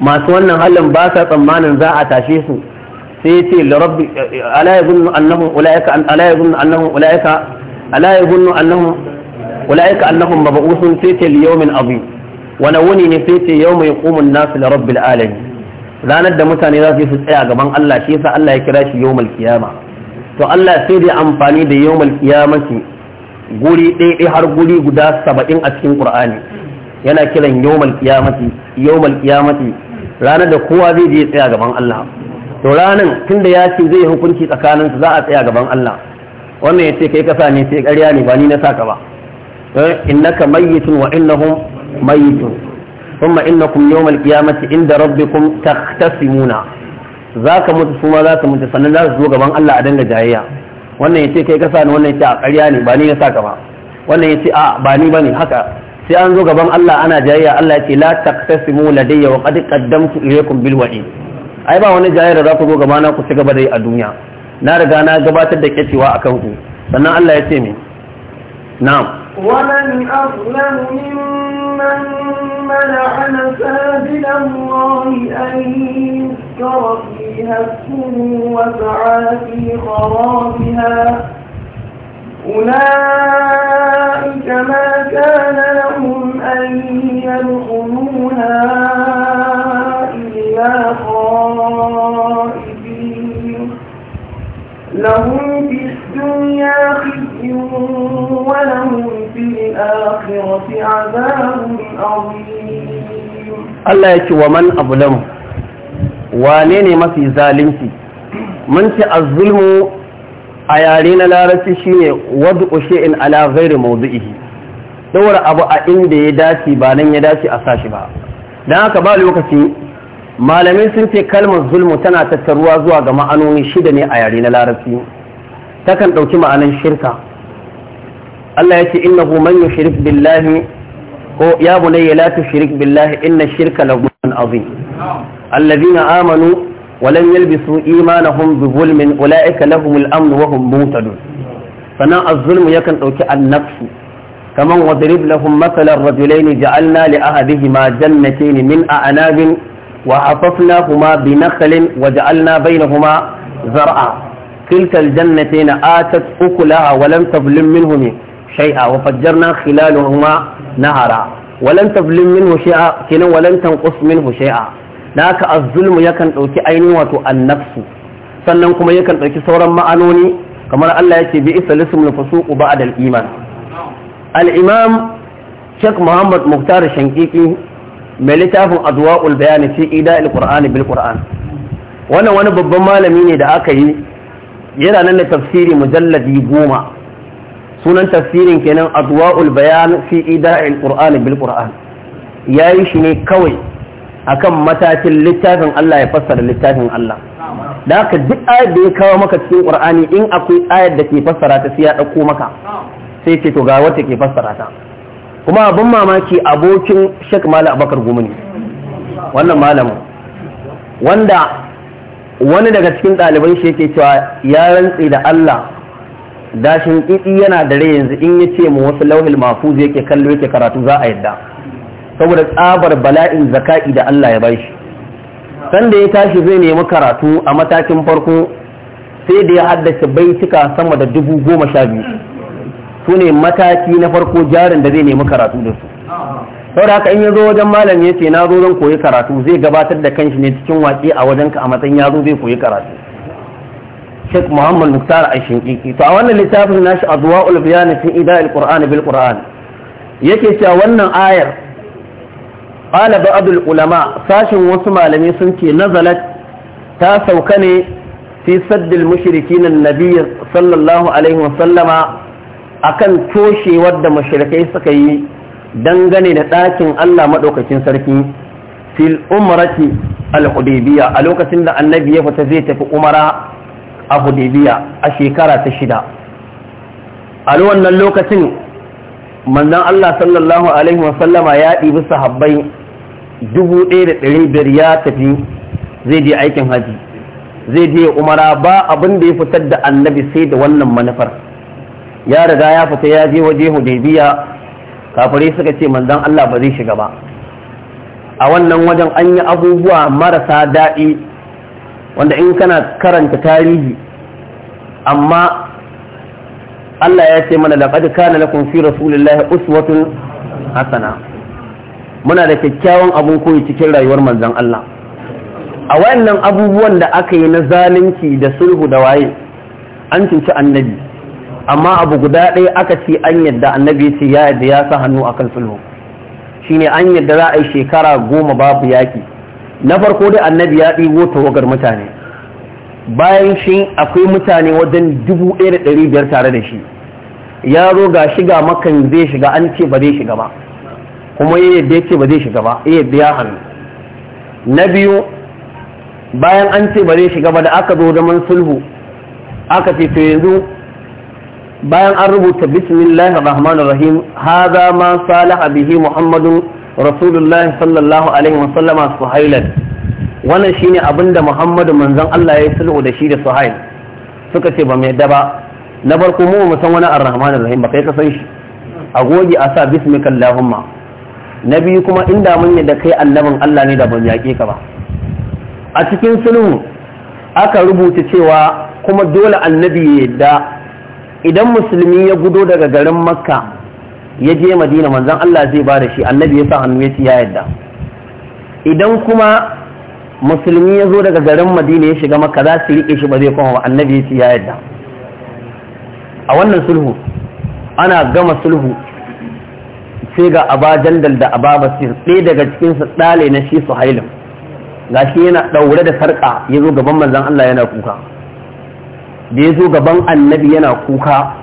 masu wannan halin ba sa tsammanin za a tashe su sai ce lirabbi ala yadhunnu annahum ulaika ala yadhunnu annahum ulaika ala yadhunnu annahum ulaika annahum mab'usun sai ce liyawmin azim wani wuni ne sai ce yau mai kumun nasu da rabbi alamin ranar da mutane za su yi su tsaya gaban Allah shi yasa Allah ya kira shi yawmal kiyama to Allah sai da amfani da yawmal kiyamati guri ɗaya har guri guda saba'in a cikin Kur'ani yana kiran yawmal kiyamati kiyamati ranar da kowa zai je tsaya gaban Allah to ranan tunda ya ce zai hukunci tsakanin su za a tsaya gaban Allah wannan ya ce kai kasa ne sai ƙarya ne ba ni na saka ba eh, innaka mayyitun wa innahum ميت ثم إنكم يوم القيامة عند ربكم تختصمون ذاك متسوما ذاك متسنن لا زوغ بان الله أدنى جاهية wannan ya ce kai kasa ne wannan ya ce a ƙarya ne ba ni na saka ba wannan ya ce a ba ni ba ne haka sai an zo gaban Allah ana jayayya Allah ya ce la taqtasimu ladayya wa qad qaddamtu ilaykum bil wa'id ai ba wani jayayya da za ku zo gaba na ku ci gaba da a duniya na riga na gabatar da kecewa akan ku sannan Allah ya ce me na'am ومن أظلم ممن منع مساجد الله أن يذكر فيها اسمه وسعى في خرابها أولئك ما كان لهم أن يدخلوها إلا خائفين لهم في الدنيا خزي allah ya ce wa man abulam wane ne mafi وانيني mun ce ظالمتي a yare na larabci shine wadu in ala ghairi mawdu'ihi daura abu a inda ya dace ba nan ya dace a sashi ba dan haka ba lokaci malamai sun ce kalmar zulmu tana tattaruwa zuwa ga ma'anoni shida ne a yare na larabci takan ɗauki ma'anin shirka Allah ya ce innahu man yushrik billahi ko ya bunayya la tushrik billahi inna shirka la zulmun azim alladhina amanu wa lam yalbisu imanahum bi zulmin ulaika lahumul amn wa hum muhtadun sannan az-zulmu yakan dauki an-nafsu kaman wadrib lahum mathalan rajulaini ja'alna li ahadihima jannatayn min a'nabin وحففناهما بنخل وجعلنا بينهما زرعا كلتا الجنتين آتت أكلها ولم تظلم منهم shay'a wa fajjarna khilaluhuma nahara walan tablim minhu shay'a kinan walan tanqus minhu shay'a naka az-zulmu yakan ɗauki ainihin wato an sannan kuma yakan ɗauki sauran ma'anoni kamar Allah yake bi isa lismul fusuq ba'da al-iman al-imam Sheikh Muhammad Muktar Shankiki mai littafin adwa'ul bayani fi ida al-Qur'an bil Qur'an wannan wani babban malami ne da aka yi yana nan da tafsiri mujalladi goma sunan tafsirin kenan adwa'ul bayan fi ida'il qur'an bil qur'an yayi shi ne kawai akan matakin littafin Allah ya fassara littafin Allah da haka duk ayar da ya kawo maka cikin qur'ani in akwai ayar da ke fassara ta sai ya dauko maka sai ce to ga wacce ke fassara ta kuma abin mamaki abokin Sheikh Malam Abakar Gumi wannan malamin wanda wani daga cikin ɗaliban shi yake cewa ya rantse da Allah dashin ƙiƙi yana da rai yanzu in ya ce mu wasu lauhil mafuz yake kallo yake karatu za a yadda saboda tsabar bala'in zaka'i da Allah ya shi. sanda ya tashi zai nemi karatu a matakin farko sai da ya haddace baitika sama da dubu goma sha biyu su ne mataki na farko jarin da zai nemi karatu da su saboda haka in ya zo wajen malam ya ce na zo zan koyi karatu zai gabatar da kanshi ne cikin waƙe a wajenka a matsayin ya zai koyi karatu Sheikh Muhammad Muktar Ashinkiki to a wannan littafin nashi Adwa'ul Bayan fi Ida'il Qur'an bil Qur'an yake cewa wannan ayar qala ba'dul ulama sashin wasu malami sun ce nazalat ta sauka ne fi saddil mushrikin annabi sallallahu alaihi wa sallama akan coshewar da mushrikai suka yi dangane da ɗakin Allah madaukakin sarki fil umrati al-hudaybiyya a lokacin da annabi ya fita zai tafi umara a hudibiya a shekara ta shida a wannan lokacin manzon Allah sallallahu alaihi wasallama ya ɗibi sahabbai biyar ya tafi zai je aikin haji zai je umara ba abin da ya fitar da annabi sai da wannan manufar ya riga ya fita ya je waje hudibiya kafirai suka ce manzon Allah ba zai shiga ba a wannan wajen an yi abubuwa marasa daɗi wanda in kana karanta tarihi amma Allah ya ce mana laƙad kana lakum fi rasulillahi uswatun hasana muna da kyakkyawan abun koyi cikin rayuwar manzon Allah a wayannan abubuwan da aka yi na zalunci da sulhu da waye an cinci annabi amma abu guda ɗaya aka ce an yadda annabi ce ya yadda ya sa hannu akan sulhu shine an yadda za a yi shekara goma babu yaki na farko da annabi ya ɗigo tawagar mutane bayan shi akwai mutane wajen dubu ɗaya da ɗari biyar tare da shi ya zo ga shiga makan zai shiga an ce ba zai shiga ba kuma ya yadda ya ce ba zai shiga ba ya yadda ya hannu na biyu bayan an ce ba zai shiga ba da aka zo zaman sulhu aka ce to yanzu bayan an rubuta bismillahir rahmanir rahim hadha ma salaha bihi muhammadun rasulullahi sallallahu alaihi wasallama suhailan wannan shine abinda muhammadu manzon Allah ya sulhu da shi da suhail suka ce ba mai daba na farko mu mu san wani arrahman rahim ba kai ka san shi a goge a sa bismika allahumma na biyu kuma inda mun yi da kai annabin Allah ne da ban yaƙe ka ba a cikin sulhu aka rubuta cewa kuma dole annabi ya yadda idan musulmi ya gudo daga garin makka ya je madina manzan Allah zai ba da shi annabi ya sa hannu ya ci ya yadda idan kuma musulmi ya zo daga garin madina ya shiga maka za su riƙe shi ba zai koma ba annabi ya ci ya yadda a wannan sulhu ana gama sulhu sai ga aba jandal da aba basir ɗaya daga cikin su ɗale na shi suhailin ga shi yana ɗaure da sarƙa ya zo gaban manzan Allah yana kuka da ya zo gaban annabi yana kuka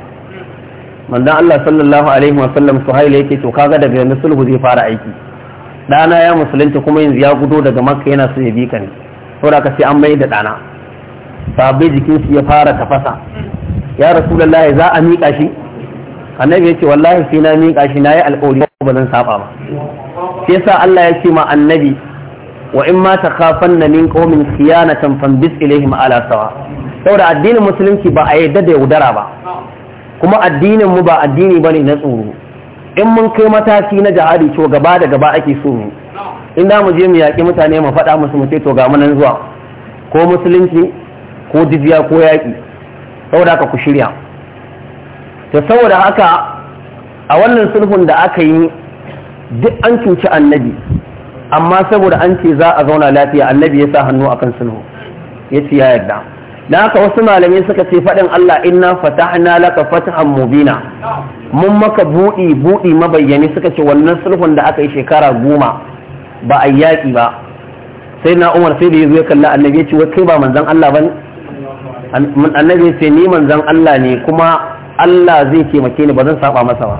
manzon Allah sallallahu alaihi wa sallam suhaila yake to kaga daga yanzu sulhu zai fara aiki dana ya musulunta kuma yanzu ya gudo daga makka yana so ya bi ka ne saboda ka sai an mai da dana sabai jikin shi ya fara tafasa ya rasulullahi za a miƙa shi annabi ya ce wallahi sai na miƙa shi na yi alƙawari ba zan saba ba sai sa Allah ya ce ma annabi wa in ma takhafanna min qaumin khiyanatan fanbis ilaihim ala sawa saboda addinin musulunci ba a yadda da yaudara ba kuma addinin mu ba addini bane na tsoro in mun kai mataki na jahadi to gaba da gaba ake so mu in da mu je mu yaƙi mutane mu faɗa musu mu ce to ga munan zuwa ko musulunci ko jizya ko yaƙi saboda haka ku shirya to saboda haka a wannan sulhun da aka yi duk an cuci annabi amma saboda an ce za a zauna lafiya annabi ya sa hannu akan sulhu ya ci ya yarda da haka wasu malamai suka ce faɗin Allah inna fatahna laka fatahan mubina mun maka buɗi buɗi mabayyani suka ce wannan sulhun da aka yi shekara goma ba a yaƙi ba sai na umar sai da ya zo ya kalla annabi ya ce wai kai ba manzan Allah ba annabi ya ce ni manzan Allah ne kuma Allah zai taimake ni ba zan saba masa ba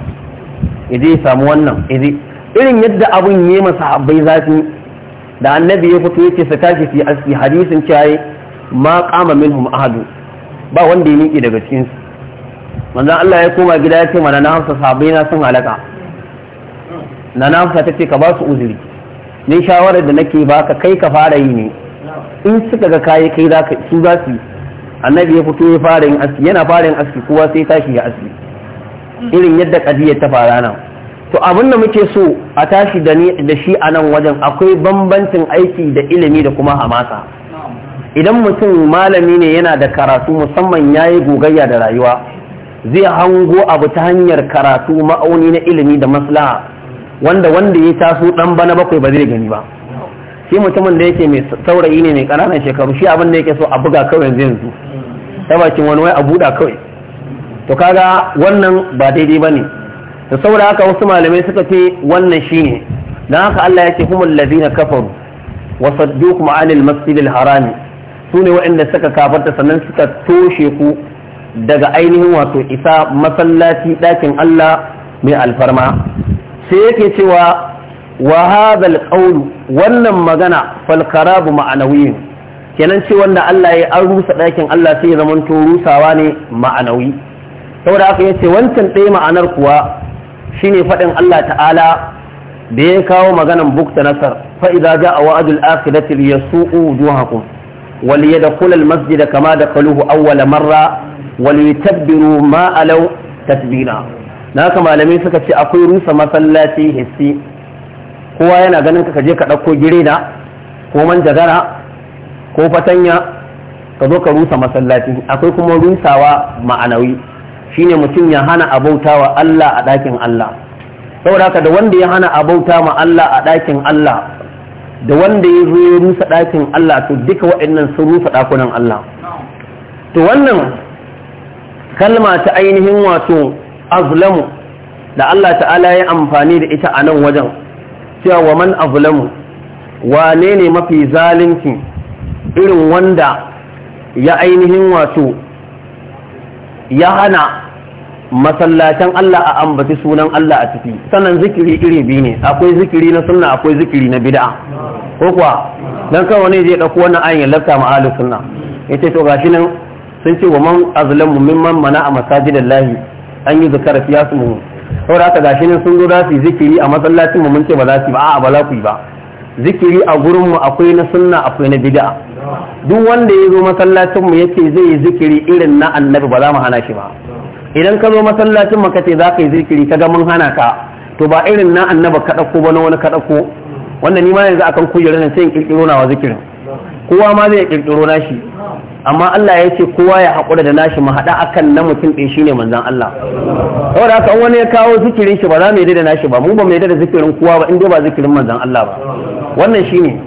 idan ya samu wannan idan irin yadda abun yi masa habbai zafi da annabi ya fito ya ce su tashi fi hadisin cewa ma qama minhum ahadu ba wanda ya miƙe daga cikin su manzon Allah ya koma gida ya ce mana na Hafsa sahabbai sun halaka na na Hafsa tace ka ba su uzuri Ni shawarar da nake baka kai ka fara yi ne in suka ga kai kai za su za su annabi ya fito ya fara yin aski yana fara yin aski kowa sai tashi ya aski irin yadda kadiyar ta fara nan to abin da muke so a tashi da shi a nan wajen akwai bambancin aiki da ilimi da kuma hamasa idan mutum malami ne yana da karatu musamman ya yi gogayya da rayuwa zai hango abu ta hanyar karatu ma'auni na ilimi da maslaha wanda wanda ya taso dan bana bakwai ba zai gani ba shi mutumin da yake mai saurayi ne mai ƙananan shekaru shi abin da yake so a buga kawai yanzu yanzu ta bakin wani wai a buɗa kawai to kaga wannan ba daidai ba ne da saboda haka wasu malamai suka ce wannan shi ne don haka Allah ya ce humul na kafaru wasu duk anil masjidil harami su ne waɗanda suka kafarta sannan suka toshe ku daga ainihin wato isa masallaci ɗakin Allah mai alfarma sai yake cewa wa hadhal wannan magana fal karabu ma'anawiyin kenan ce wanda Allah ya an rusa ɗakin Allah sai ya zama to rusawa ne ma'anawi saboda haka yace wancan ɗaya ma'anar kuwa shine faɗin Allah ta'ala da ya kawo maganan bukta nasar fa idza ja'a wa'dul akhirati liyasu'u wujuhakum وليدخل المسجد كما دخلوه أول مرة وليتبروا ما ألو تتبيرا ناكا malamai suka ce akwai rusa masallaci hissi kowa yana ganin ka je ka ɗauko gireda ko manjagara ko fatanya ka zo ka rusa masallaci akwai kuma rusawa ma'anawi shine mutum ya hana abautawa Allah a ɗakin Allah saboda haka da wanda ya hana abauta ma Allah a ɗakin Allah da wanda ya zo ya rusa ɗakin Allah to duka waɗannan sun rusa ɗakunan Allah to wannan kalma ta ainihin wato azlamu da Allah ta'ala ya amfani da ita a nan wajen cewa wa man azlamu wane ne mafi zalunci irin wanda ya ainihin wato ya hana Masallacin Allah a ambaci sunan Allah a ciki sannan zikiri iri biyu ne akwai zikiri na sunna akwai zikiri na bid'a ko kuwa dan kawai ne zai dauko wannan ayin ya lafta ma ahli sunna yace to gashi nan sun ce wa man azlamu mimman mana a masajidillahi an yi zikara fi yasmu saboda da gashi nan sun zo za su zikiri a masallacin mu mun ce ba za su ba a ba za ku yi ba zikiri a gurin mu akwai na sunna akwai na bid'a duk wanda ya zo masallacin mu yace zai yi zikiri irin na annabi ba za mu hana shi ba idan ka zo masallacin maka ce za ka yi zikiri ka ga mun hana ka to ba irin na annaba ka ɗauko ba na wani ka ɗauko wanda ni ma yanzu akan kujera nan sai in ƙirƙiro nawa zikirin kowa ma zai ƙirƙiro nashi amma Allah ya ce kowa ya haƙura da nashi mu haɗa akan na mutum ɗin shi ne manzan Allah saboda haka wani ya kawo zikirin shi ba za mu yi da nashi ba mu ba mu yi da zikirin kowa ba inda ba zikirin manzan Allah ba wannan shi ne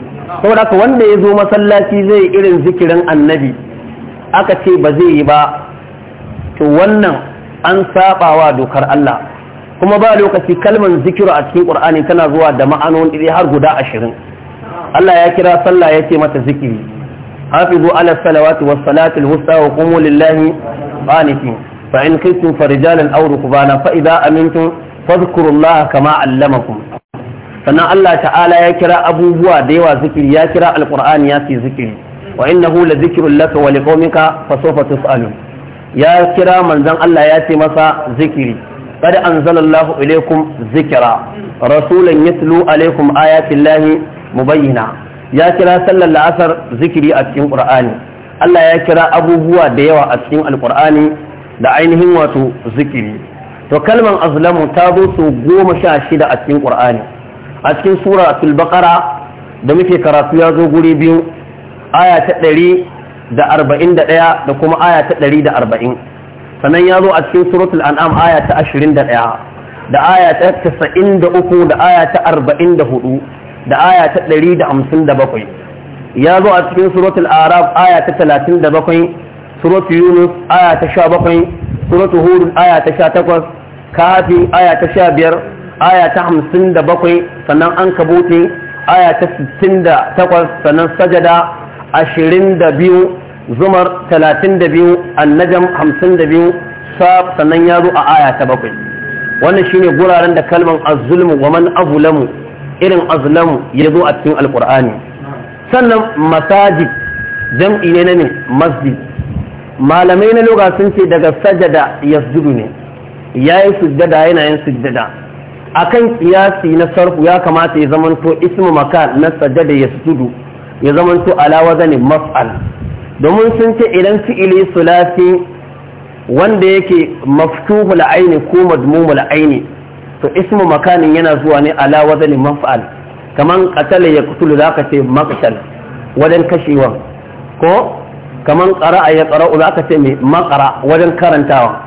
saboda haka wanda ya zo masallaci zai irin zikirin annabi aka ce ba zai yi ba to wannan an sabawa dokar Allah kuma ba lokaci kalmar zikiru a cikin Qur'ani tana zuwa da ma'anonin dai har guda 20 Allah ya kira sallah yace mata zikiri hafizu ala salawati was salati al-wusta wa qumu lillahi qanitin fa in khiftum farijalan aw rukbana fa idza amintum fadhkurullaha kama allamakum sannan Allah ta'ala ya kira abubuwa da yawa zikiri ya kira alqur'ani ya ce zikiri wa innahu la zikrun laka wa liqaumika fa sawfa tus'alun ya kira manzon Allah ya ce masa zikiri qad anzalallahu ilaykum zikra rasulan yatlu alaykum ayati mu mubayyina ya kira sallar la'asar zikiri a cikin qur'ani Allah ya kira abubuwa da yawa a cikin alqur'ani da ainihin wato zikiri to kalman azlamu ta zo su goma sha shida a cikin qur'ani a cikin sura al-baqara da muke karatu ya zo guri biyu aya ta ɗari da arba'in da ɗaya da kuma aya ta ɗari da arba'in sannan ya zo a cikin suratul an'am aya ta ashirin da ɗaya da aya ta tasa'in da uku da aya ta arba'in da hudu da aya ta ɗari da hamsin da bakwai ya zo a cikin suratul arab aya ta talatin da bakwai suratul yunus aya ta sha bakwai suratul hud aya ta sha takwas kafin aya ta sha biyar aya ta hamsin da bakwai sannan an kabute aya ta sittin da takwas sannan sajada ashirin da biyu zumar talatin da biyu annajam hamsin da biyu sannan ya zo a aya ta bakwai wannan shine guraren da kalman azulmu wa man azulamu irin azlamu ya zo a cikin alkur'ani sannan masajid jam'i ne na ne masjid malamai na loga sun ce daga sajada yasjudu ne yayin sujjada yana yin sujjada akan kiyasi na sarku ya kamata ya zamanto ismu maka na sajada yasjudu ya zamanto ala wazanin maf'al domin sun ce idan fi'ili sulasi wanda yake maftuhu la'aini ko madmumu la'aini to ismu makanin yana zuwa ne ala wazanin maf'al kaman qatala ya kutulu zaka ce maqtal wajen kashewa ko kaman qara'a ya qara'u zaka ce mai maqara wajen karantawa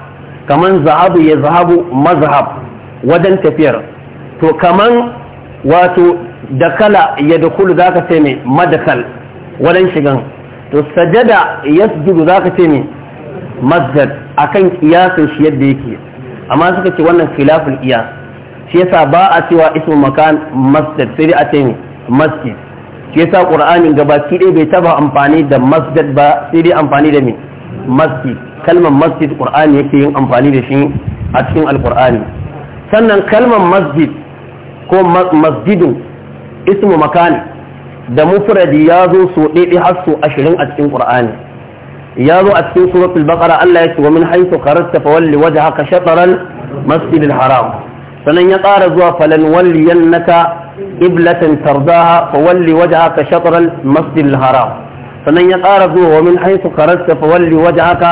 kaman zahabu ya zahabu mazhab wajen tafiyar to kaman wato da kala ya da kulu za ka ce mai madakal wadan shigan to sajada ya sujudu za ka ce mai masjad a kan kiyasin shi yadda yake amma suka ce wannan filafin iya shi yasa ba a cewa ismu makan masjad sai dai a ce mai masjid shi yasa gaba gabaki ɗaya bai taba amfani da masjid ba sai dai amfani da mai masjid kalmar masjid qur'ani yake yin amfani da shi a cikin Alƙur'ani sannan kalmar masjid ko masjidin ismu makan da mufradi ya zo so ɗaiɗi har so ashirin a cikin ƙur'ani ya zo a cikin suratul baqara Allah ya ce wa min haythu kharajta fawalli wajhaka shatran masjidil haram sannan ya ƙara zuwa falan walliyannaka iblatan tardaha fawalli wajhaka shatran masjidil haram sannan ya ƙara zuwa wa min haythu kharajta fawalli wajhaka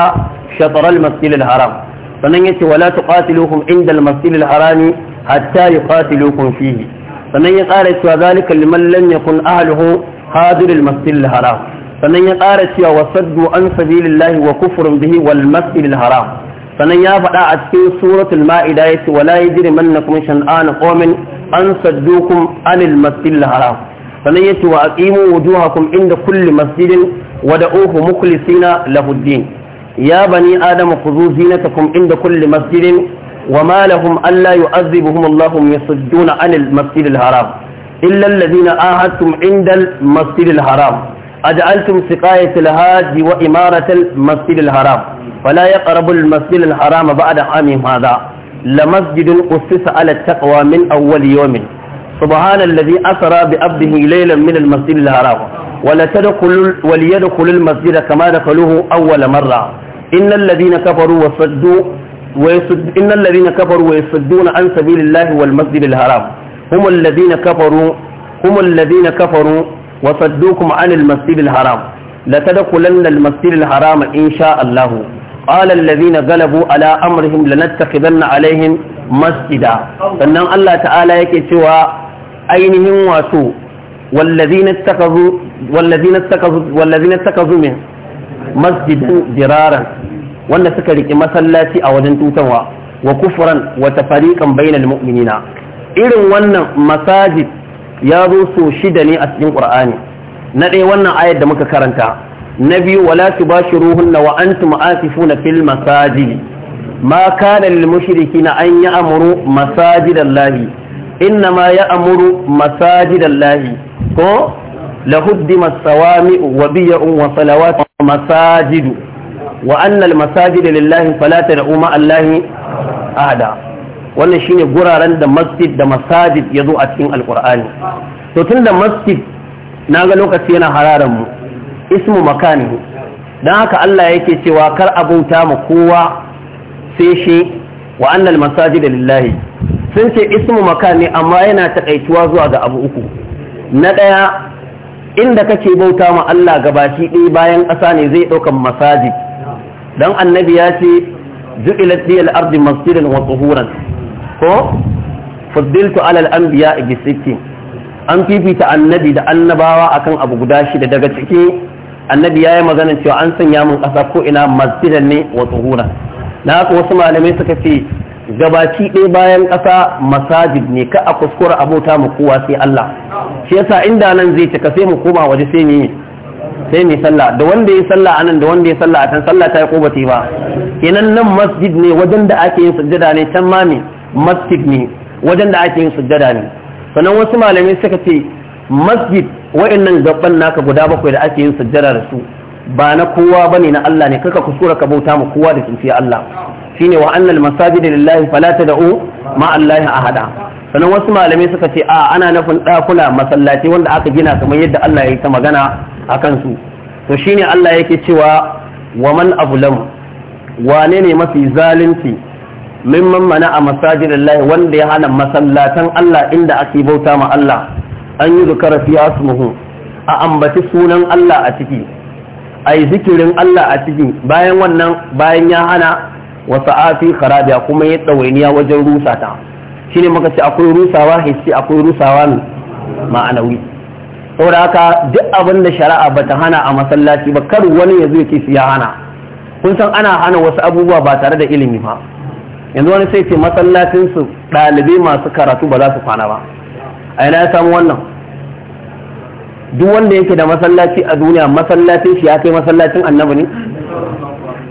shatran masjidil haram sannan ya ce wala tuqatiluhum inda al-masjidil harami hatta yuqatilukum fihi sannan ya tsara cewa zalika liman lam yakun ahluhu hadirul masjidil haram sannan ya tsara cewa wasaddu an sabilillahi wa kufrun bihi wal masjidil haram sannan ya faɗa a cikin suratul ma'ida yace wala yajrimannakum shan'an qawmin an saddukum anil masjidil haram sannan yace wa aqimu wujuhakum inda kulli masjidin wada'uhu mukhlisina lahu ya bani adama khudhu zinatakum inda kulli masjidin وما لهم ألا يعذبهم الله يصدون عن المسجد الحرام إلا الذين آهدتم عند المسجد الحرام أجعلتم سقاية الهاج وإمارة المسجد الحرام فلا يقرب المسجد الحرام بعد عام هذا لمسجد أسس على التقوى من أول يوم سبحان الذي أسرى بأبده ليلا من المسجد الحرام ولتدخل وليدخل المسجد كما دخلوه أول مرة إن الذين كفروا وصدوا وإن الذين كفروا ويصدون عن سبيل الله والمسجد الحرام هم الذين كفروا هم الذين كفروا وصدوكم عن المسجد الحرام لتدخلن المسجد الحرام إن شاء الله قال الذين غلبوا على أمرهم لنتخذن عليهم مسجدا فإن الله تعالى يكتوى أينهم واتوا والذين اتخذوا والذين اتخذوا والذين اتخذوا من مسجدا درارا wanda suka riki masallaci a wajen tutarwa wa kufran wa tafariqan bainal mu'minina irin wannan masajid ya zo so shida ne a cikin qur'ani na ɗaya wannan ayar da muka karanta na biyu wala tubashiruhunna wa antum asifuna fil masajid ma kana lil mushrikina an ya'muru masajidallahi inna ma ya'muru masajidallahi ko lahuddimat sawami wa biya'un wa masajidu wa annal masajida lillahi fala tad'u ma allahi ahada wannan shine guraren da masjid da masajid yazo a cikin alqur'ani to tunda masjid naga lokaci yana hararan mu ismu makani dan haka Allah yake cewa kar abuta mu kowa sai shi wa annal masajida lillahi sun ce ismu makani amma yana takaituwa zuwa ga abu uku na daya inda kake bauta ma Allah gabaki ɗaya bayan ƙasa ne zai ɗaukan masajid dan annabi ya ce ju'ilat li al-ard masjidan wa tuhuran ko fuddiltu ala al-anbiya bi sittin an fifita annabi da annabawa akan abu guda shida daga ciki annabi yayi magana cewa an sanya mun kasa ko ina masjidan ne wa tuhuran na haka wasu malamai suka ce gabaci ɗaya bayan ƙasa masajid ne ka a kuskura abota mu kowa sai Allah shi yasa inda nan zai cika sai mu koma waje sai mu yi sai mai sallah da wanda ya sallah anan da wanda ya sallah a can sallah ta yi kobati ba kenan nan masjid ne wajen da ake yin sujjada ne can ma ne masjid ne wajen da ake yin sujjada ne sannan wasu malamai suka ce masjid wa'annan gaban naka guda bakwai da ake yin sujjada da su ba na kowa ne na Allah ne kaka kuskura ka bauta ma kowa da kimfiya Allah shine wa annal masajid lillahi fala tad'u ma Allah ahada sannan wasu malamai suka ce a ana nufin ɗakuna masallaci wanda aka gina kamar yadda Allah ya yi ta magana a kansu to shine Allah yake cewa wa man abulam wane ne mafi zalunci mimman mana a masajidillahi wanda ya hana masallatan Allah inda ake bauta ma Allah an yi zukara fiya asmuhu a ambaci sunan Allah a ciki a yi zikirin Allah a ciki bayan wannan bayan ya hana wasu afi kharabiya kuma ya ɗawainiya wajen rusa ta ne muka ce akwai rusawa hissi akwai rusawa ma'anawi saboda haka duk abin da shari'a bata hana a masallaci ba kar wani ya ya su ya hana kun san ana hana wasu abubuwa ba tare da ilimi ba yanzu wani sai ce masallacin ɗalibai masu karatu ba za su kwana ba a ina ya samu wannan duk wanda yake da masallaci a duniya masallacin shi ya kai masallacin annabi ne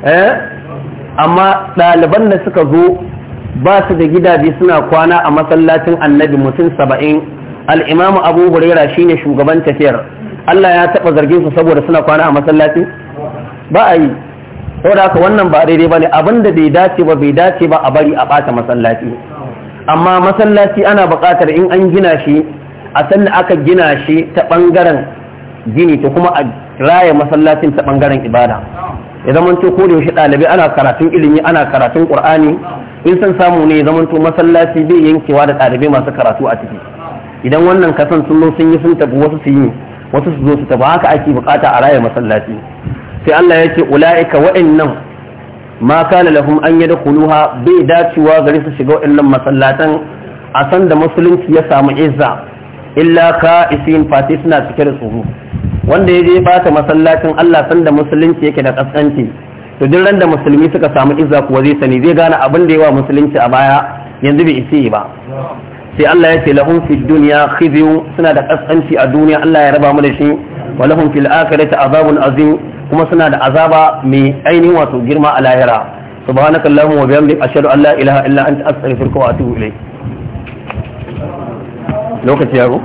eh amma ɗaliban da suka zo ba su da gidaje suna kwana a masallacin annabi mutum saba'in al'imamu abu huraira ne shugaban tafiyar allah ya taɓa zargin su saboda suna kwana a masallaci ba a yi da haka wannan ba daidai ba ne abin da bai dace ba bai dace ba a bari a ɓata masallaci amma masallaci ana buƙatar in an gina shi a san da aka gina shi ta ɓangaren gini ta kuma a raya masallacin ta ɓangaren ibada Ya mun ko da yaushe ɗalibai ana karatun ilimi ana karatun ƙur'ani in san samu ne zaman to masallaci bai yankewa da ɗalibai masu karatu a ciki idan wannan kasan sun zo sun yi sun tafi wasu su yi wasu su zo su tabu haka ake bukata a raya masallaci sai Allah ya ce ula'ika wa'annan ma kana lahum an yadkhuluha bai dacewa gare su shiga wa'annan masallatan a san da musulunci ya samu izza illa ka isin fati suna cike da tsoro wanda ya je bata masallacin Allah san da musulunci yake da kaskanci to duk ran da musulmi suka samu izza kuwa zai sani zai gane abin da yawa musulunci a baya yanzu bai isi ba sai Allah ya ce lahum fi dunya khizyu suna da kasanci a duniya Allah ya raba mu da shi wa lahum fil akhirati azabun azim kuma suna da azaba mai ainihin wato girma a lahira subhanakallahumma wa bihamdika ashhadu an la ilaha illa anta astaghfiruka wa atubu ilayk lokaci yaro